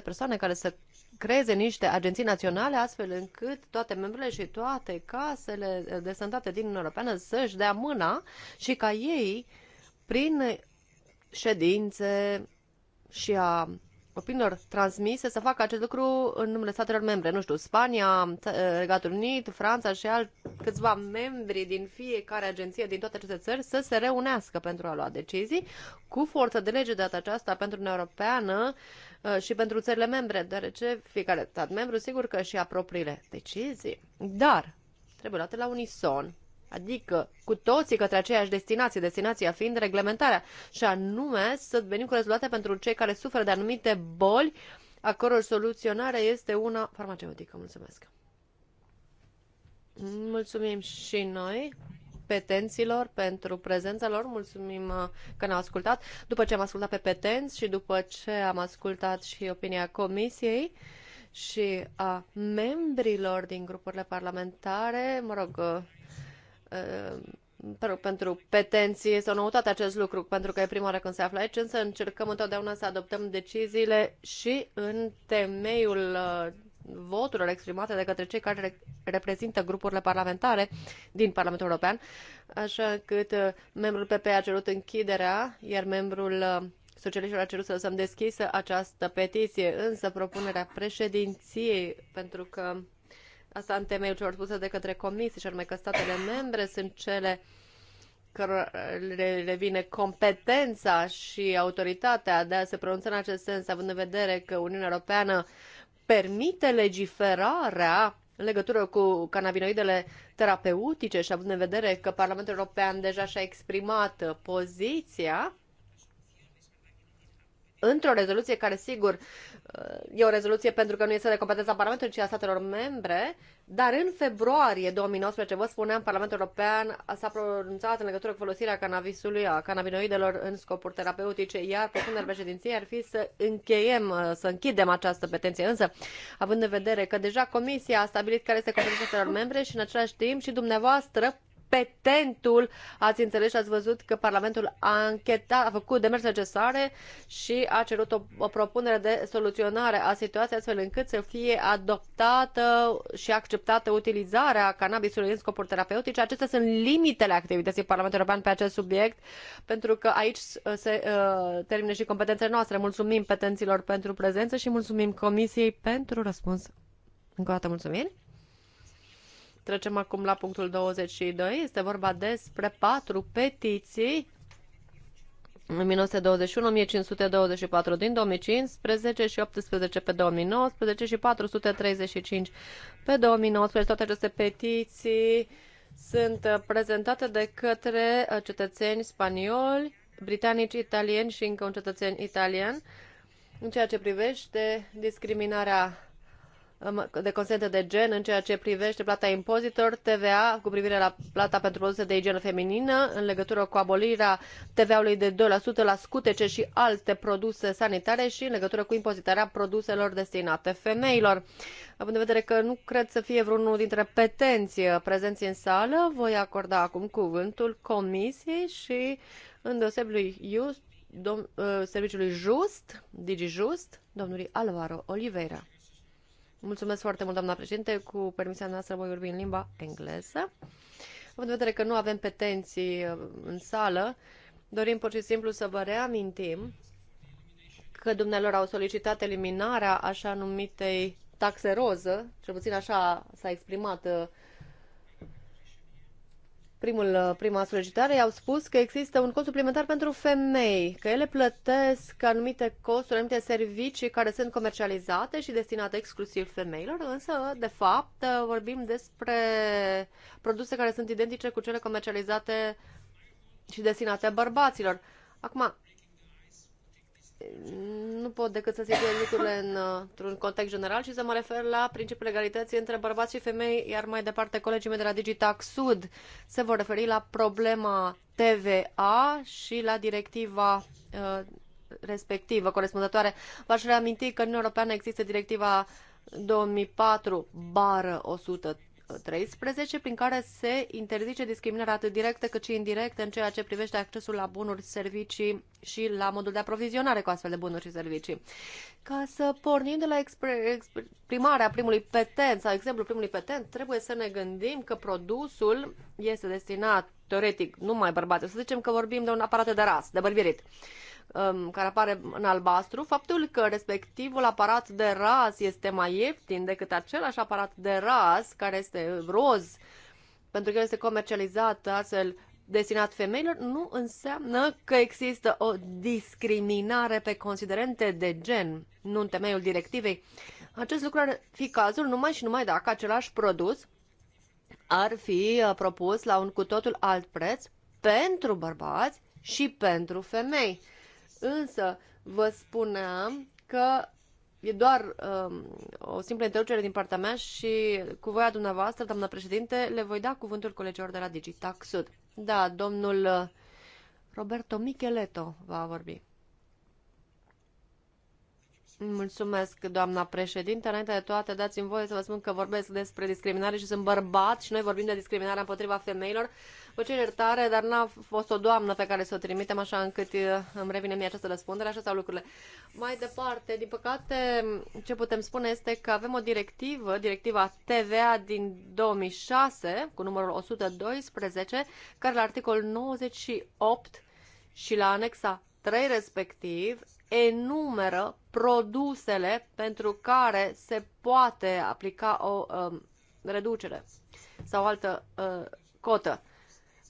5-6 persoane care să creeze niște agenții naționale astfel încât toate membrele și toate casele de sănătate din Europeană să-și dea mâna și ca ei prin ședințe și a opinilor transmise să facă acest lucru în numele statelor membre. Nu știu, Spania, Regatul Unit, Franța și alt câțiva membri din fiecare agenție din toate aceste țări să se reunească pentru a lua decizii cu forță de lege de data aceasta pentru Uniunea Europeană uh, și pentru țările membre, deoarece fiecare stat membru sigur că și a propriile decizii. Dar trebuie luate la unison adică cu toții către aceeași destinație, destinația fiind reglementarea, și anume să venim cu rezultate pentru cei care suferă de anumite boli, a căror soluționare este una farmaceutică. Mulțumesc! Mulțumim și noi petenților pentru prezența lor. Mulțumim uh, că ne-au ascultat. După ce am ascultat pe petenți și după ce am ascultat și opinia comisiei și a membrilor din grupurile parlamentare, mă rog, uh, Uh, pentru petenții este o noutate acest lucru, pentru că e prima oară când se află aici, însă încercăm întotdeauna să adoptăm deciziile și în temeiul uh, voturilor exprimate de către cei care reprezintă grupurile parlamentare din Parlamentul European, așa cât uh, membrul PP a cerut închiderea, iar membrul Socialiștilor a cerut să lăsăm deschisă această petiție, însă propunerea președinției, pentru că Asta în temeiul celor spuse de către comisii, și anume că statele membre sunt cele care le vine competența și autoritatea de a se pronunța în acest sens, având în vedere că Uniunea Europeană permite legiferarea în legătură cu canabinoidele terapeutice și având în vedere că Parlamentul European deja și-a exprimat poziția, într-o rezoluție care, sigur, uh, e o rezoluție pentru că nu este de competența Parlamentului, ci a statelor membre, dar în februarie 2019, vă spuneam, Parlamentul European s-a pronunțat în legătură cu folosirea cannabisului, a cannabinoidelor în scopuri terapeutice, iar propunerea președinției ar fi să încheiem, uh, să închidem această petenție. Însă, având în vedere că deja Comisia a stabilit care este competența statelor membre și, în același timp, și dumneavoastră petentul, ați înțeles și ați văzut că Parlamentul a închetat, a făcut demers necesare și a cerut o, o propunere de soluționare a situației astfel încât să fie adoptată și acceptată utilizarea cannabisului în scopuri terapeutice. Acestea sunt limitele activității Parlamentului European pe acest subiect, pentru că aici uh, se uh, termină și competențele noastre. Mulțumim petenților pentru prezență și mulțumim Comisiei pentru răspuns. Încă o dată mulțumim. Trecem acum la punctul 22. Este vorba despre patru petiții 1921, 1524 din 2015 și 18 pe 2019 și 435 pe 2019. Toate aceste petiții sunt prezentate de către cetățeni spanioli, britanici, italieni și încă un cetățen italian în ceea ce privește discriminarea de consente de gen în ceea ce privește plata impozitelor TVA cu privire la plata pentru produse de igienă feminină în legătură cu abolirea TVA-ului de 2% la scutece și alte produse sanitare și în legătură cu impozitarea produselor destinate femeilor. Având în vedere că nu cred să fie vreunul dintre petenții prezenți în sală, voi acorda acum cuvântul comisiei și îndeosebi lui Just, dom, uh, serviciului Just, just domnului Alvaro Oliveira. Mulțumesc foarte mult, doamna președinte. Cu permisia noastră voi vorbi în limba engleză. Având în vedere că nu avem petenții uh, în sală, dorim pur și simplu să vă reamintim că dumnealor au solicitat eliminarea așa numitei taxe roză, cel puțin așa s-a exprimat uh, primul, uh, prima solicitare, i-au spus că există un cost suplimentar pentru femei, că ele plătesc anumite costuri, anumite servicii care sunt comercializate și destinate exclusiv femeilor, însă, de fapt, uh, vorbim despre produse care sunt identice cu cele comercializate și destinate bărbaților. Acum, nu pot decât să zic lucrurile uh, într-un context general și să mă refer la principiul egalității între bărbați și femei, iar mai departe colegii mei de la Digitax Sud se vor referi la problema TVA și la directiva uh, respectivă, corespunzătoare. V-aș reaminti că în Uniunea Europeană există directiva 2004 bară 103 13, prin care se interzice discriminarea atât directă cât și indirectă în ceea ce privește accesul la bunuri, servicii și la modul de aprovizionare cu astfel de bunuri și servicii. Ca să pornim de la primarea primului petent sau exemplul primului petent, trebuie să ne gândim că produsul este destinat, teoretic, numai bărbaților. Să zicem că vorbim de un aparat de ras, de bărbirit um, care apare în albastru, faptul că respectivul aparat de ras este mai ieftin decât același aparat de ras care este roz, pentru că este comercializat astfel destinat femeilor, nu înseamnă că există o discriminare pe considerente de gen, nu în temeiul directivei. Acest lucru ar fi cazul numai și numai dacă același produs ar fi uh, propus la un cu totul alt preț pentru bărbați și pentru femei. Însă vă spuneam că e doar um, o simplă introducere din partea mea și cu voia dumneavoastră, doamna președinte, le voi da cuvântul colegilor de la Digitax Sud. Da, domnul uh, Roberto Micheleto va vorbi. Mulțumesc, doamna președinte. Înainte de toate, dați-mi voie să vă spun că vorbesc despre discriminare și sunt bărbat și noi vorbim de discriminarea împotriva femeilor Vă cer iertare, dar n-a fost o doamnă pe care să o trimitem, așa încât uh, îmi revine mie această răspundere, așa sau lucrurile. Mai departe, din păcate, ce putem spune este că avem o directivă, directiva TVA din 2006, cu numărul 112, care la articolul 98 și la anexa 3 respectiv, enumeră produsele pentru care se poate aplica o uh, reducere sau altă uh, cotă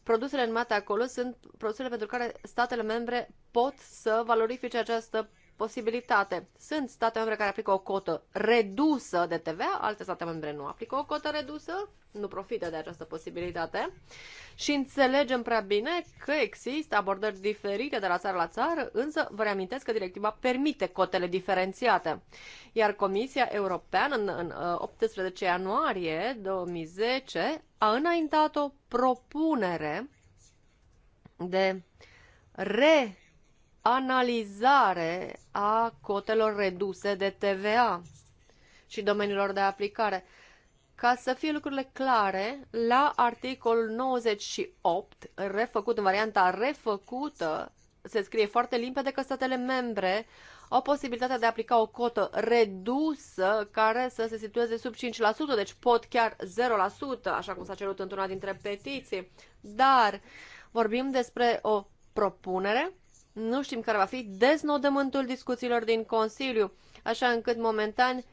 produsele înmate acolo sunt produsele pentru care statele membre pot să valorifice această posibilitate. Sunt state membre care aplică o cotă redusă de TVA, alte state membre nu aplică o cotă redusă, nu profită de această posibilitate și înțelegem prea bine că există abordări diferite de la țară la țară, însă vă reamintesc că directiva permite cotele diferențiate. Iar Comisia Europeană în, în 18 uh, ianuarie 2010 a înaintat o propunere de re analizare a cotelor reduse de TVA și domeniilor de aplicare. Ca să fie lucrurile clare, la articolul 98, refăcut în varianta refăcută, se scrie foarte limpede că statele membre au posibilitatea de a aplica o cotă redusă care să se situeze sub 5%, deci pot chiar 0%, așa cum s-a cerut într-una dintre petiții. Dar vorbim despre o propunere nu știm care va fi deznodământul discuțiilor din Consiliu, așa încât momentan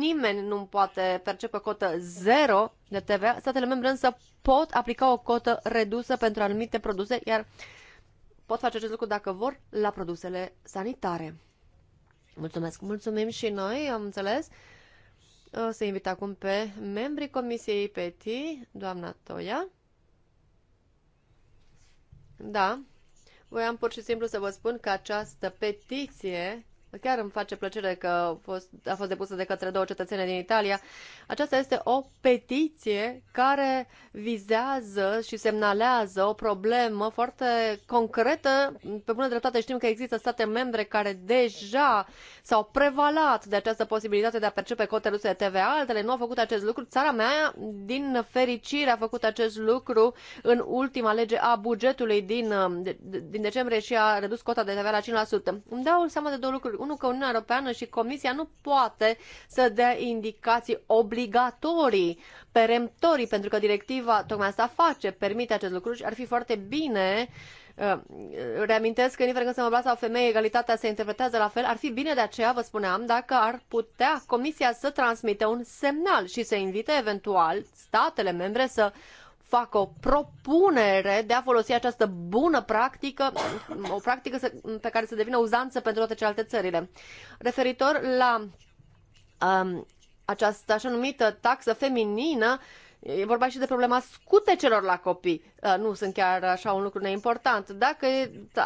nimeni nu poate percepe cotă zero de TVA. Statele membre însă pot aplica o cotă redusă pentru anumite produse, iar pot face acest lucru dacă vor la produsele sanitare. Mulțumesc! Mulțumim și noi, am înțeles. O să invit acum pe membrii Comisiei PETI, doamna Toia. Da, Voiam pur și simplu să vă spun că această petiție Chiar îmi face plăcere că a fost, a fost depusă de către două cetățene din Italia. Aceasta este o petiție care vizează și semnalează o problemă foarte concretă. Pe bună dreptate știm că există state membre care deja s-au prevalat de această posibilitate de a percepe cote ruse de TVA. Altele nu au făcut acest lucru. Țara mea, din fericire, a făcut acest lucru în ultima lege a bugetului din, din decembrie și a redus cota de TVA la 5%. Îmi dau seama de două lucruri 1 că Uniunea Europeană și Comisia nu poate să dea indicații obligatorii peremptorii, pentru că directiva tocmai asta face, permite acest lucru și ar fi foarte bine uh, reamintesc că indiferent când se mă o femeie, egalitatea se interpretează la fel, ar fi bine de aceea, vă spuneam, dacă ar putea Comisia să transmită un semnal și să invite eventual statele membre să facă o propunere de a folosi această bună practică, o practică pe care să devină uzanță pentru toate celelalte țările. Referitor la um, această așa numită taxă feminină, uh, E vorba și de problema scutecelor la copii. Uh, nu sunt chiar așa un lucru neimportant. Dacă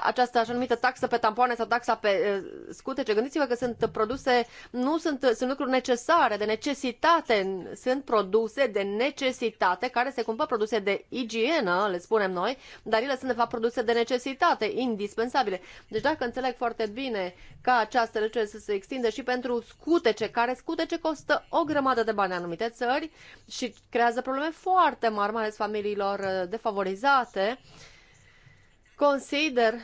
această așa numită taxă pe tampoane sau taxa pe uh, scutece, gândiți-vă că sunt produse, nu sunt, sunt lucruri necesare, de necesitate. Sunt produse de necesitate care se cumpără produse de igienă, le spunem noi, dar ele sunt de fapt produse de necesitate, indispensabile. Deci dacă înțeleg foarte bine ca această lege să se extinde și pentru scutece, care scutece costă o grămadă de bani în anumite țări și creează probleme foarte mari, mai ales familiilor uh, defavorizate, consider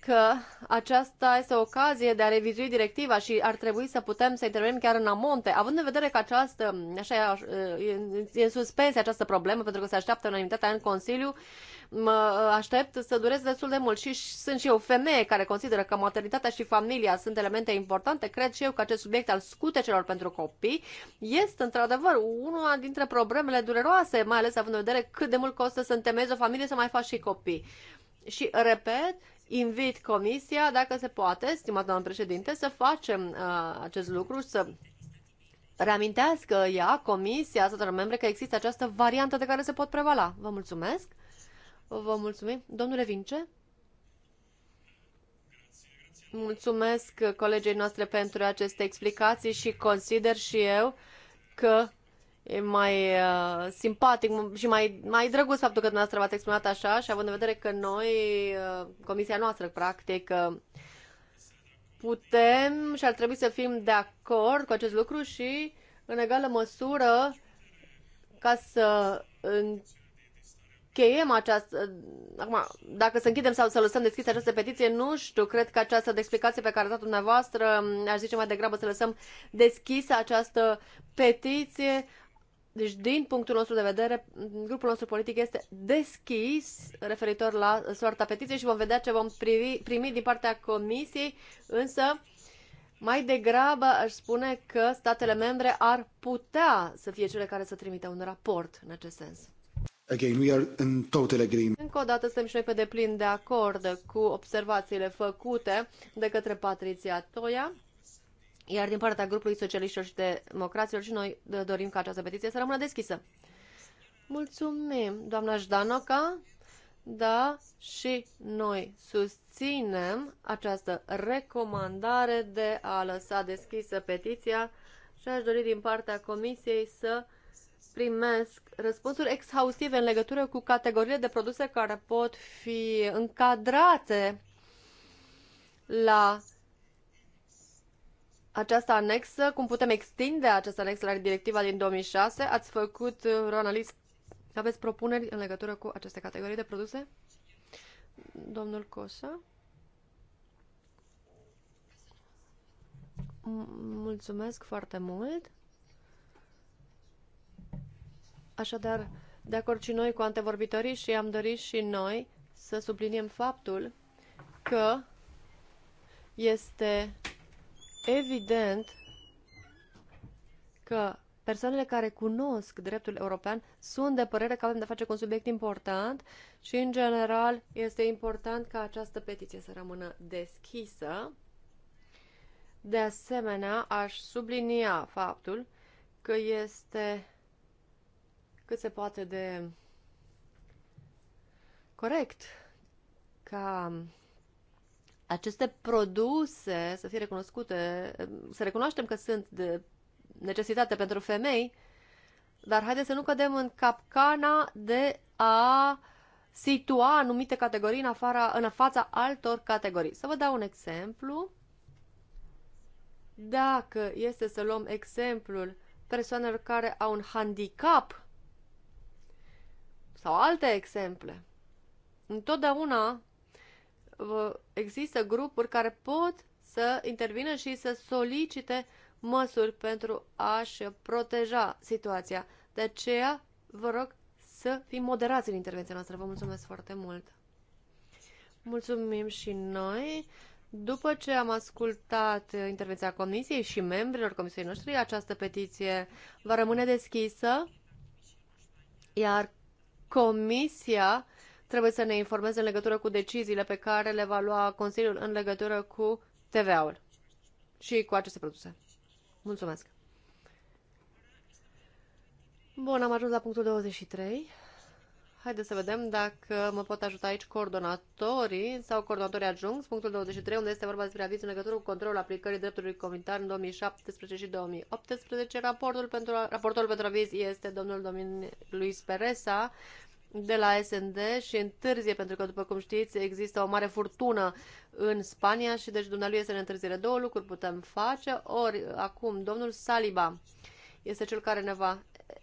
că aceasta este o ocazie de a revizui directiva și ar trebui să putem să intervenim chiar în amonte, având în vedere că această, așa uh, e, e în suspensie această problemă, pentru că se așteaptă unanimitatea în Consiliu mă aștept să dureze destul de mult și sunt și eu femeie care consideră că maternitatea și familia sunt elemente importante. Cred și eu că acest subiect al scutecelor pentru copii este într-adevăr una dintre problemele dureroase, mai ales având în vedere cât de mult costă să întemeiezi o familie să mai faci și copii. Și, repet, invit comisia, dacă se poate, stimat doamnă președinte, să facem uh, acest lucru, să reamintească ea, comisia, statelor membre, că există această variantă de care se pot prevala. Vă mulțumesc! Vă mulțumim. Domnule Vince? Mulțumesc colegii noastre pentru aceste explicații și consider și eu că e mai uh, simpatic și mai, mai drăguț faptul că dumneavoastră v-ați exprimat așa și având în vedere că noi, uh, comisia noastră, practic, uh, putem și ar trebui să fim de acord cu acest lucru și, în egală măsură, ca să încheiem această... Acum, dacă să închidem sau să lăsăm deschis această petiție, nu știu, cred că această explicație pe care a dat dumneavoastră, aș zice mai degrabă să lăsăm deschisă această petiție. Deci, din punctul nostru de vedere, grupul nostru politic este deschis referitor la soarta petiției și vom vedea ce vom privi, primi din partea comisiei, însă mai degrabă aș spune că statele membre ar putea să fie cele care să trimită un raport în acest sens. Again, we are in total agreement. Încă o dată suntem și noi pe deplin de acord cu observațiile făcute de către Patriția Toia. Iar din partea grupului socialiștilor și democraților și noi uh, dorim ca această petiție să rămână deschisă. Mulțumim, doamna Jdanoca. Da, și noi susținem această recomandare de a lăsa deschisă petiția și aș dori din partea comisiei să primesc răspunsuri exhaustive în legătură cu categoriile de produse care pot fi încadrate la această anexă, cum putem extinde această anexă la directiva din 2006. Ați făcut uh, o analiză? Aveți propuneri în legătură cu aceste categorii de produse? Domnul Cosa. Mulțumesc foarte mult. Așadar, de acord și noi cu antevorbitorii și am dorit și noi să subliniem faptul că este evident că persoanele care cunosc dreptul european sunt de părere că avem de face cu un subiect important și, în general, este important ca această petiție să rămână deschisă. De asemenea, aș sublinia faptul că este cât se poate de corect ca aceste produse să fie recunoscute, să recunoaștem că sunt de necesitate pentru femei, dar haideți să nu cădem în capcana de a situa anumite categorii în, afara, în fața altor categorii. Să vă dau un exemplu. Dacă este să luăm exemplul persoanelor care au un handicap sau alte exemple. Întotdeauna există grupuri care pot să intervină și să solicite măsuri pentru a-și proteja situația. De aceea, vă rog să fim moderați în intervenția noastră. Vă mulțumesc foarte mult! Mulțumim și noi! După ce am ascultat intervenția Comisiei și membrilor Comisiei noștri, această petiție va rămâne deschisă, iar Comisia trebuie să ne informeze în legătură cu deciziile pe care le va lua Consiliul în legătură cu TVA-ul și cu aceste produse. Mulțumesc! Bun, am ajuns la punctul 23. Haideți să vedem dacă mă pot ajuta aici coordonatorii sau coordonatorii adjuncți, punctul 23, unde este vorba despre aviz în legătură cu controlul aplicării dreptului comunitar în 2017 și 2018. Raportul pentru, raportul pentru aviz este domnul Domin Luis Peresa de la SND și întârzie, pentru că, după cum știți, există o mare furtună în Spania și deci dumnealui este în întârziere. Două lucruri putem face, ori acum domnul Saliba este cel care ne va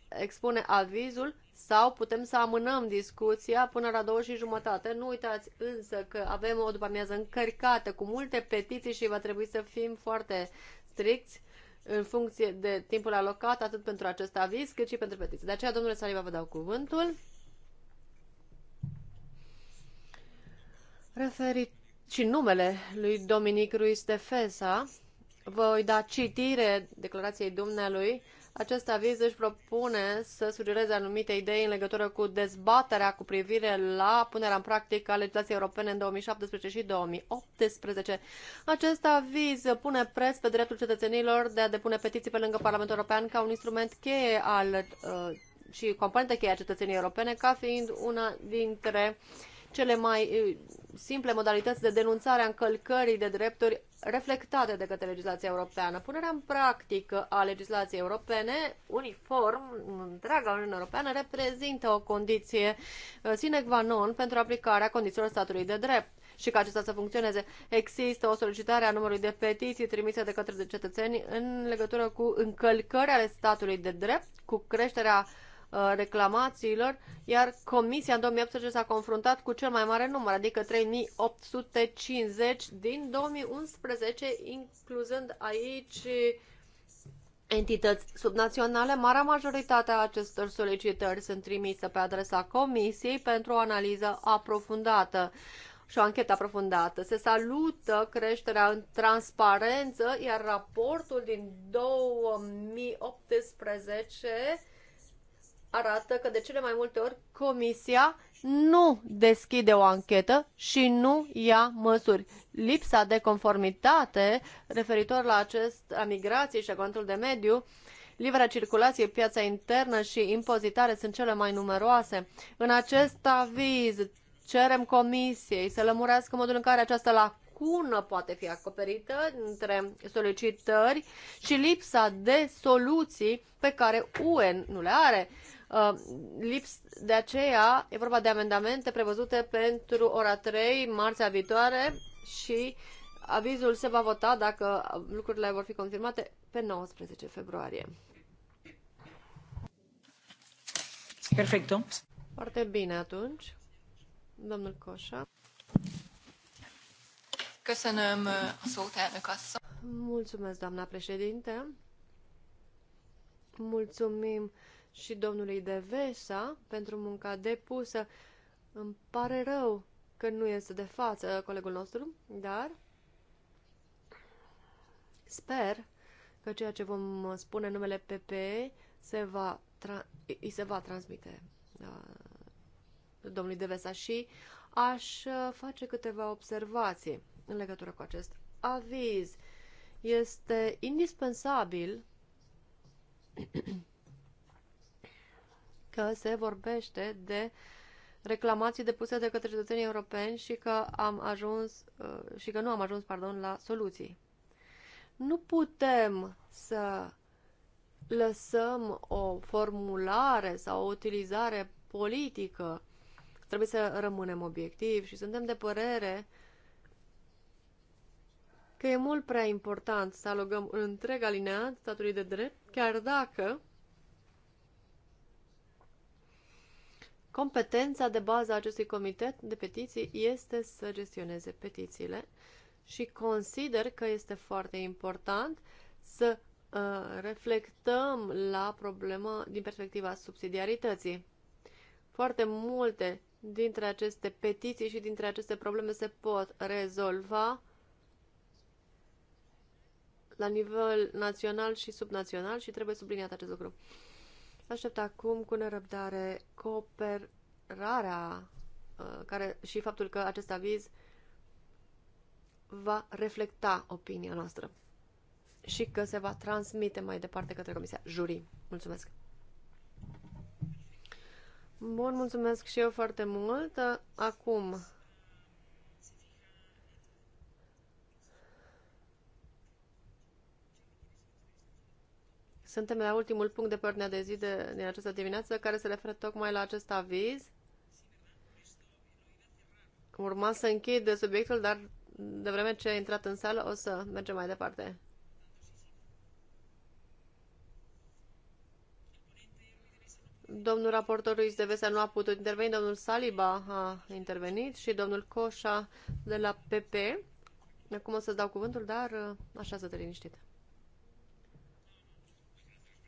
expune avizul sau putem să amânăm discuția până la două și jumătate. Nu uitați însă că avem o după-amiază încărcată cu multe petiții și va trebui să fim foarte stricți în funcție de timpul alocat, atât pentru acest aviz, cât și pentru petiții. De aceea, domnule Saliba, vă dau cuvântul. Referit și numele lui Dominic Ruiz de Fesa, voi da citire declarației dumnealui acest aviz își propune să sugereze anumite idei în legătură cu dezbaterea cu privire la punerea în practică a legislației europene în 2017 și 2018. Acest aviz pune preț pe dreptul cetățenilor de a depune petiții pe lângă Parlamentul European ca un instrument cheie al, uh, și componentă cheie a cetățenii europene, ca fiind una dintre uh, cele mai simple modalități de denunțare a încălcării de drepturi reflectate de către legislația europeană. Punerea în practică a legislației europene, uniform, în întreaga Uniune Europeană, reprezintă o condiție sine qua non pentru aplicarea condițiilor statului de drept și ca acesta să funcționeze. Există o solicitare a numărului de petiții trimise de către cetățeni în legătură cu încălcări ale statului de drept, cu creșterea uh, Uh, reclamațiilor, iar Comisia în 2018 s-a confruntat cu cel mai mare număr, adică 3850 din 2011, incluzând aici entități subnaționale. Marea majoritate a acestor solicitări sunt trimise pe adresa Comisiei pentru o analiză aprofundată și o anchetă aprofundată. Se salută creșterea în transparență, iar raportul din 2018 arată că de cele mai multe ori Comisia nu deschide o anchetă și nu ia măsuri. Lipsa de conformitate referitor la acest a migrației și a contul de mediu Libera circulație, piața internă și impozitare sunt cele mai numeroase. În acest aviz cerem comisiei să lămurească modul în care această lacună poate fi acoperită între solicitări și lipsa de soluții pe care UE nu le are. Uh, lips, de aceea e vorba de amendamente prevăzute pentru ora 3, marțea viitoare și avizul se va vota, dacă lucrurile vor fi confirmate, pe 19 februarie. Perfect. Foarte bine atunci. Domnul Coșa. Căsănăm uh, a Mulțumesc, doamna președinte. Mulțumim și domnului Devesa pentru munca depusă. Îmi pare rău că nu este de față colegul nostru, dar sper că ceea ce vom spune numele PP se va îi se va transmite da, domnului Devesa și aș uh, face câteva observații în legătură cu acest aviz. Este indispensabil că se vorbește de reclamații depuse de către cetățenii europeni și că am ajuns uh, și că nu am ajuns, pardon, la soluții. Nu putem să lăsăm o formulare sau o utilizare politică. Trebuie să rămânem obiectivi și suntem de părere că e mult prea important să alogăm întreg alineat statului de drept, chiar dacă Competența de bază a acestui comitet de petiții este să gestioneze petițiile și consider că este foarte important să uh, reflectăm la problemă din perspectiva subsidiarității. Foarte multe dintre aceste petiții și dintre aceste probleme se pot rezolva la nivel național și subnațional și trebuie subliniat acest lucru. Aștept acum cu nerăbdare cooperarea uh, care, și faptul că acest aviz va reflecta opinia noastră și că se va transmite mai departe către Comisia Jurii. Mulțumesc! Bun, mulțumesc și eu foarte mult. Acum Suntem la ultimul punct de pe ordinea de zi de, din această dimineață, care se referă tocmai la acest aviz. Urma să închid subiectul, dar de vreme ce a intrat în sală, o să mergem mai departe. Domnul raportorul, Ruiz de nu a putut interveni, domnul Saliba a intervenit și domnul Coșa de la PP. Acum o să dau cuvântul, dar uh, așa să te liniștit.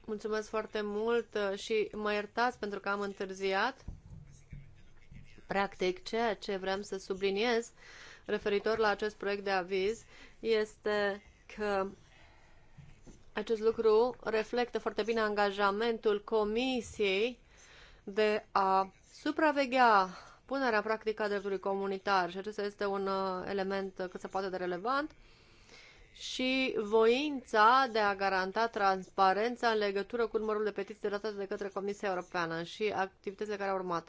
Mulțumesc foarte mult uh, și mă iertați pentru că am întârziat. Practic, ceea ce vrem să subliniez referitor la acest proiect de aviz este că acest lucru reflectă foarte bine angajamentul Comisiei de a supraveghea punerea practică a dreptului comunitar și acesta este un uh, element cât se poate de relevant și voința de a garanta transparența în legătură cu numărul de petiții datate de către Comisia Europeană și activitățile care au urmat.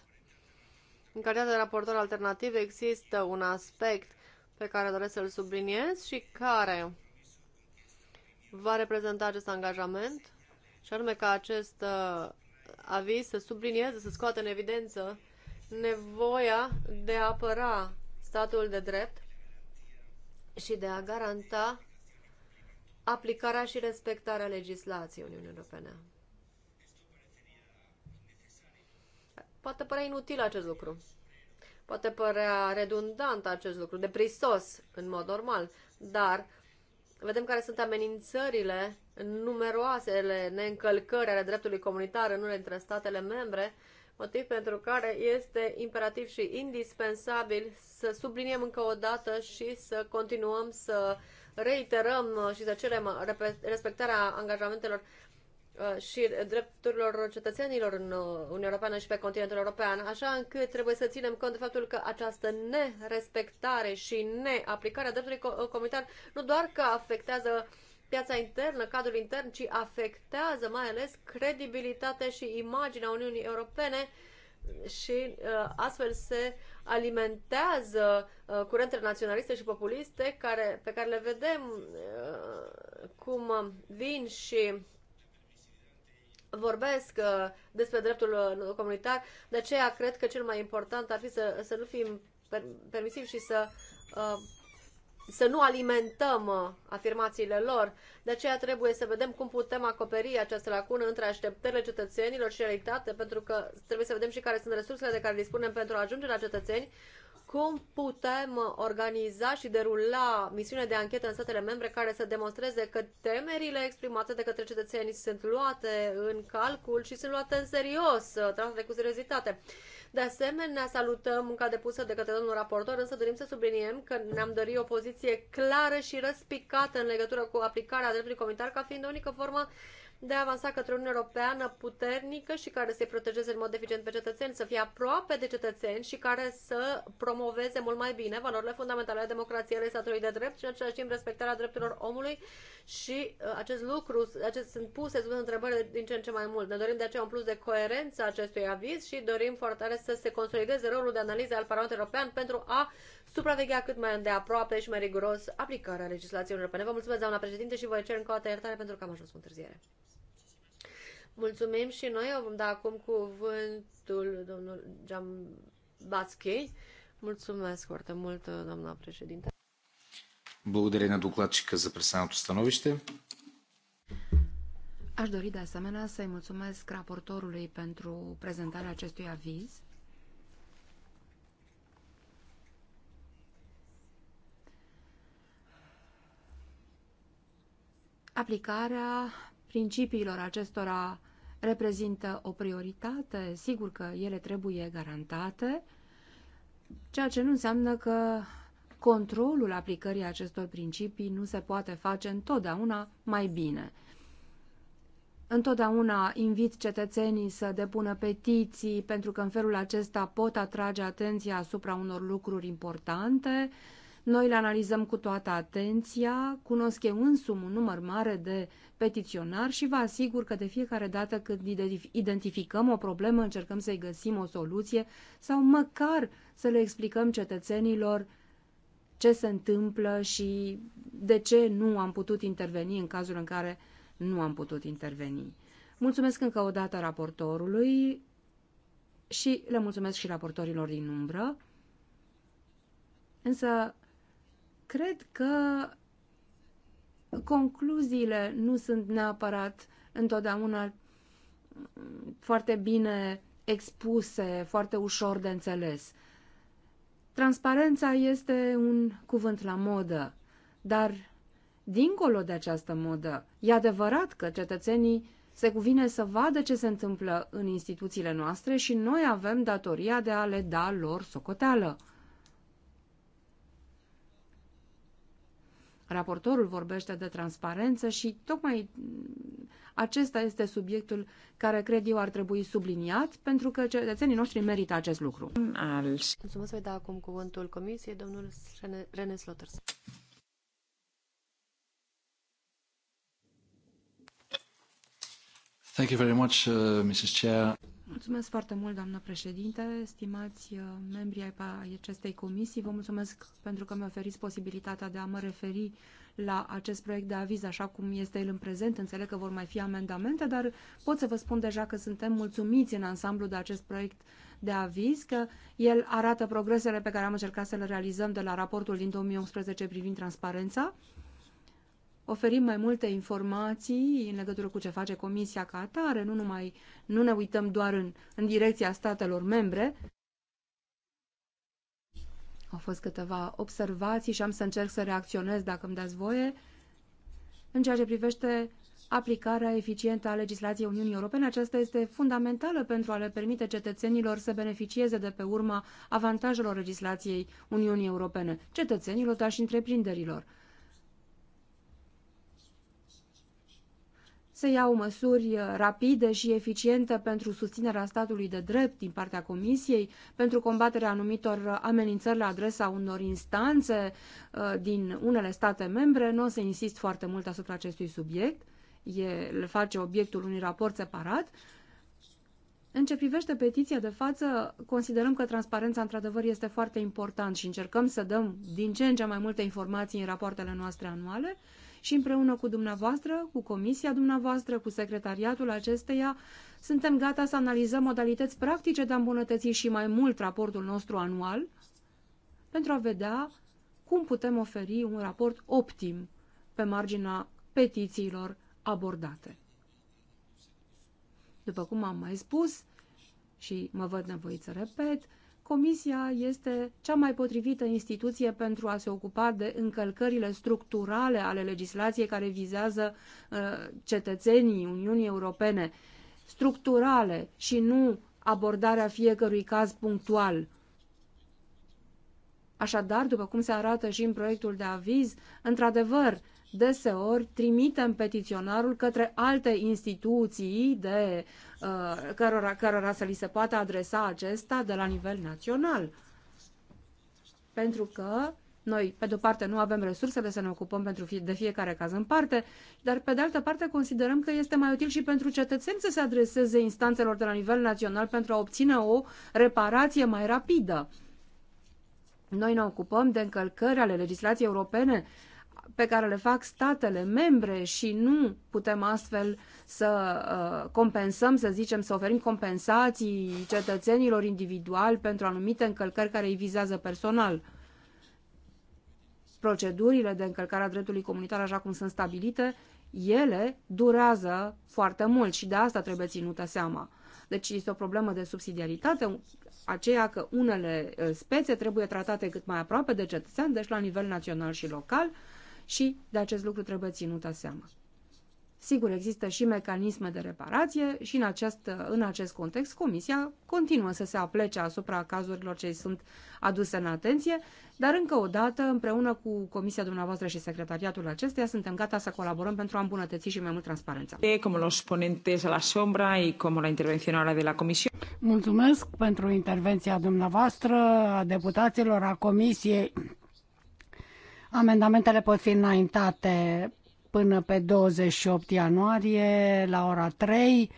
În calitate de raportor alternativ există un aspect pe care doresc să-l subliniez și care va reprezenta acest angajament și anume ca acest uh, aviz să sublinieze, să scoată în evidență nevoia de a apăra statul de drept și de a garanta aplicarea și respectarea legislației Uniunii Europene. Poate părea inutil acest lucru. Poate părea redundant acest lucru, deprisos în mod normal, dar vedem care sunt amenințările numeroasele neîncălcări ale dreptului comunitar în unele dintre statele membre, motiv pentru care este imperativ și indispensabil să subliniem încă o dată și să continuăm să uh, reiterăm uh, și să cerem respectarea angajamentelor uh, și drepturilor cetățenilor în uh, Uniunea Europeană și pe continentul european, așa încât trebuie să ținem cont de faptul că această nerespectare și neaplicarea dreptului comunitar nu doar că afectează piața internă, cadrul intern, ci afectează mai ales credibilitatea și imaginea Uniunii Europene și uh, astfel se alimentează uh, curentele naționaliste și populiste care, pe care le vedem uh, cum vin și vorbesc despre dreptul comunitar, de aceea cred că cel mai important ar fi să, să nu fim permisivi și să să nu alimentăm uh, afirmațiile lor. De aceea trebuie să vedem cum putem acoperi această lacună între așteptările cetățenilor și realitate, pentru că trebuie să vedem și care sunt resursele de care dispunem pentru a ajunge la cetățeni cum putem organiza și derula misiune de anchetă în statele membre care să demonstreze că temerile exprimate de către cetățenii sunt luate în calcul și sunt luate în serios, uh, tratate cu seriozitate. De asemenea, salutăm munca depusă de către domnul raportor, însă dorim să subliniem că ne-am dorit o poziție clară și răspicată în legătură cu aplicarea dreptului comunitar ca fiind o unică formă de a avansa către o Uniune Europeană puternică și care să-i protejeze în mod eficient pe cetățeni, să fie aproape de cetățeni și care să promoveze mult mai bine valorile fundamentale ale democrației, ale statului de drept și în același timp respectarea drepturilor omului și uh, acest lucru, acest, sunt puse sunt întrebări din ce în ce mai mult. Ne dorim de aceea un plus de coerență acestui aviz și dorim foarte tare să se consolideze rolul de analiză al Parlamentului European pentru a supraveghea cât mai îndeaproape și mai riguros aplicarea legislației europene. Vă mulțumesc, doamna președinte, și vă cer încă o dată iertare pentru că am ajuns cu întârziere. Mulțumim și noi. O vom da acum cuvântul domnul Jambatski. Mulțumesc foarte mult, doamna președinte. Благодаря на докладчика за представеното становище. Aș dori de asemenea să-i mulțumesc raportorului pentru prezentarea acestui aviz. Aplicarea principiilor acestora reprezintă o prioritate, sigur că ele trebuie garantate, ceea ce nu înseamnă că controlul aplicării acestor principii nu se poate face întotdeauna mai bine. Întotdeauna invit cetățenii să depună petiții, pentru că în felul acesta pot atrage atenția asupra unor lucruri importante, noi le analizăm cu toată atenția, cunosc eu însum un număr mare de petiționari și vă asigur că de fiecare dată când identificăm o problemă, încercăm să-i găsim o soluție sau măcar să le explicăm cetățenilor ce se întâmplă și de ce nu am putut interveni în cazul în care nu am putut interveni. Mulțumesc încă o dată raportorului și le mulțumesc și raportorilor din umbră. Însă Cred că concluziile nu sunt neapărat întotdeauna foarte bine expuse, foarte ușor de înțeles. Transparența este un cuvânt la modă, dar dincolo de această modă, e adevărat că cetățenii se cuvine să vadă ce se întâmplă în instituțiile noastre și noi avem datoria de a le da lor socoteală. Raportorul vorbește de transparență și tocmai acesta este subiectul care cred eu ar trebui subliniat, pentru că cetățenii noștri merită acest lucru. Mulțumesc, voi da acum cuvântul Comisiei, domnul René Slotters. Thank you very much, uh, Mrs. Chair. Mulțumesc foarte mult, doamnă președinte, stimați uh, membrii ai acestei comisii. Vă mulțumesc pentru că mi-a oferit posibilitatea de a mă referi la acest proiect de aviz așa cum este el în prezent. Înțeleg că vor mai fi amendamente, dar pot să vă spun deja că suntem mulțumiți în ansamblu de acest proiect de aviz, că el arată progresele pe care am încercat să le realizăm de la raportul din 2018 privind transparența oferim mai multe informații în legătură cu ce face Comisia ca atare, nu, numai, nu ne uităm doar în, în direcția statelor membre. Au fost câteva observații și am să încerc să reacționez, dacă îmi dați voie, în ceea ce privește aplicarea eficientă a legislației Uniunii Europene. Aceasta este fundamentală pentru a le permite cetățenilor să beneficieze de pe urma avantajelor legislației Uniunii Europene, cetățenilor, dar și întreprinderilor. se iau măsuri uh, rapide și eficiente pentru susținerea statului de drept din partea Comisiei, pentru combaterea anumitor uh, amenințări la adresa unor instanțe uh, din unele state membre. Nu o să insist foarte mult asupra acestui subiect, e, le face obiectul unui raport separat. În ce privește petiția de față, considerăm că transparența într-adevăr este foarte important și încercăm să dăm din ce în ce mai multe informații în rapoartele noastre anuale și împreună cu dumneavoastră, cu comisia dumneavoastră, cu secretariatul acesteia, suntem gata să analizăm modalități practice de a îmbunătăți și mai mult raportul nostru anual pentru a vedea cum putem oferi un raport optim pe marginea petițiilor abordate. După cum am mai spus și mă văd nevoit să repet, Comisia este cea mai potrivită instituție pentru a se ocupa de încălcările structurale ale legislației care vizează uh, cetățenii Uniunii Europene, structurale și nu abordarea fiecărui caz punctual. Așadar, după cum se arată și în proiectul de aviz, într-adevăr, deseori trimitem petiționarul către alte instituții de, uh, cărora, cărora să li se poate adresa acesta de la nivel național. Pentru că noi, pe de-o parte, nu avem resursele să ne ocupăm pentru fie, de fiecare caz în parte, dar, pe de altă parte, considerăm că este mai util și pentru cetățeni să se adreseze instanțelor de la nivel național pentru a obține o reparație mai rapidă. Noi ne ocupăm de încălcări ale legislației europene pe care le fac statele membre și nu putem astfel să uh, compensăm, să zicem, să oferim compensații cetățenilor individual pentru anumite încălcări care îi vizează personal. Procedurile de încălcare a dreptului comunitar, așa cum sunt stabilite, ele durează foarte mult și de asta trebuie ținută seama. Deci este o problemă de subsidiaritate, aceea că unele uh, spețe trebuie tratate cât mai aproape de cetățean, deci la nivel național și local, și de acest lucru trebuie ținută seama. Sigur, există și mecanisme de reparație și în acest, în acest context Comisia continuă să se aplece asupra cazurilor ce sunt aduse în atenție, dar încă o dată, împreună cu Comisia dumneavoastră și secretariatul acesteia, suntem gata să colaborăm pentru a îmbunătăți și mai mult transparența. cum los ponentes la sombra și cum la intervención de la comisie. Mulțumesc pentru intervenția dumneavoastră, a deputaților, a Comisiei Amendamentele pot fi înaintate până pe 28 ianuarie la ora 3.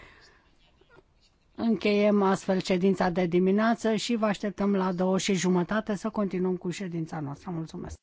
Încheiem astfel ședința de dimineață și vă așteptăm la două și jumătate să continuăm cu ședința noastră. Mulțumesc!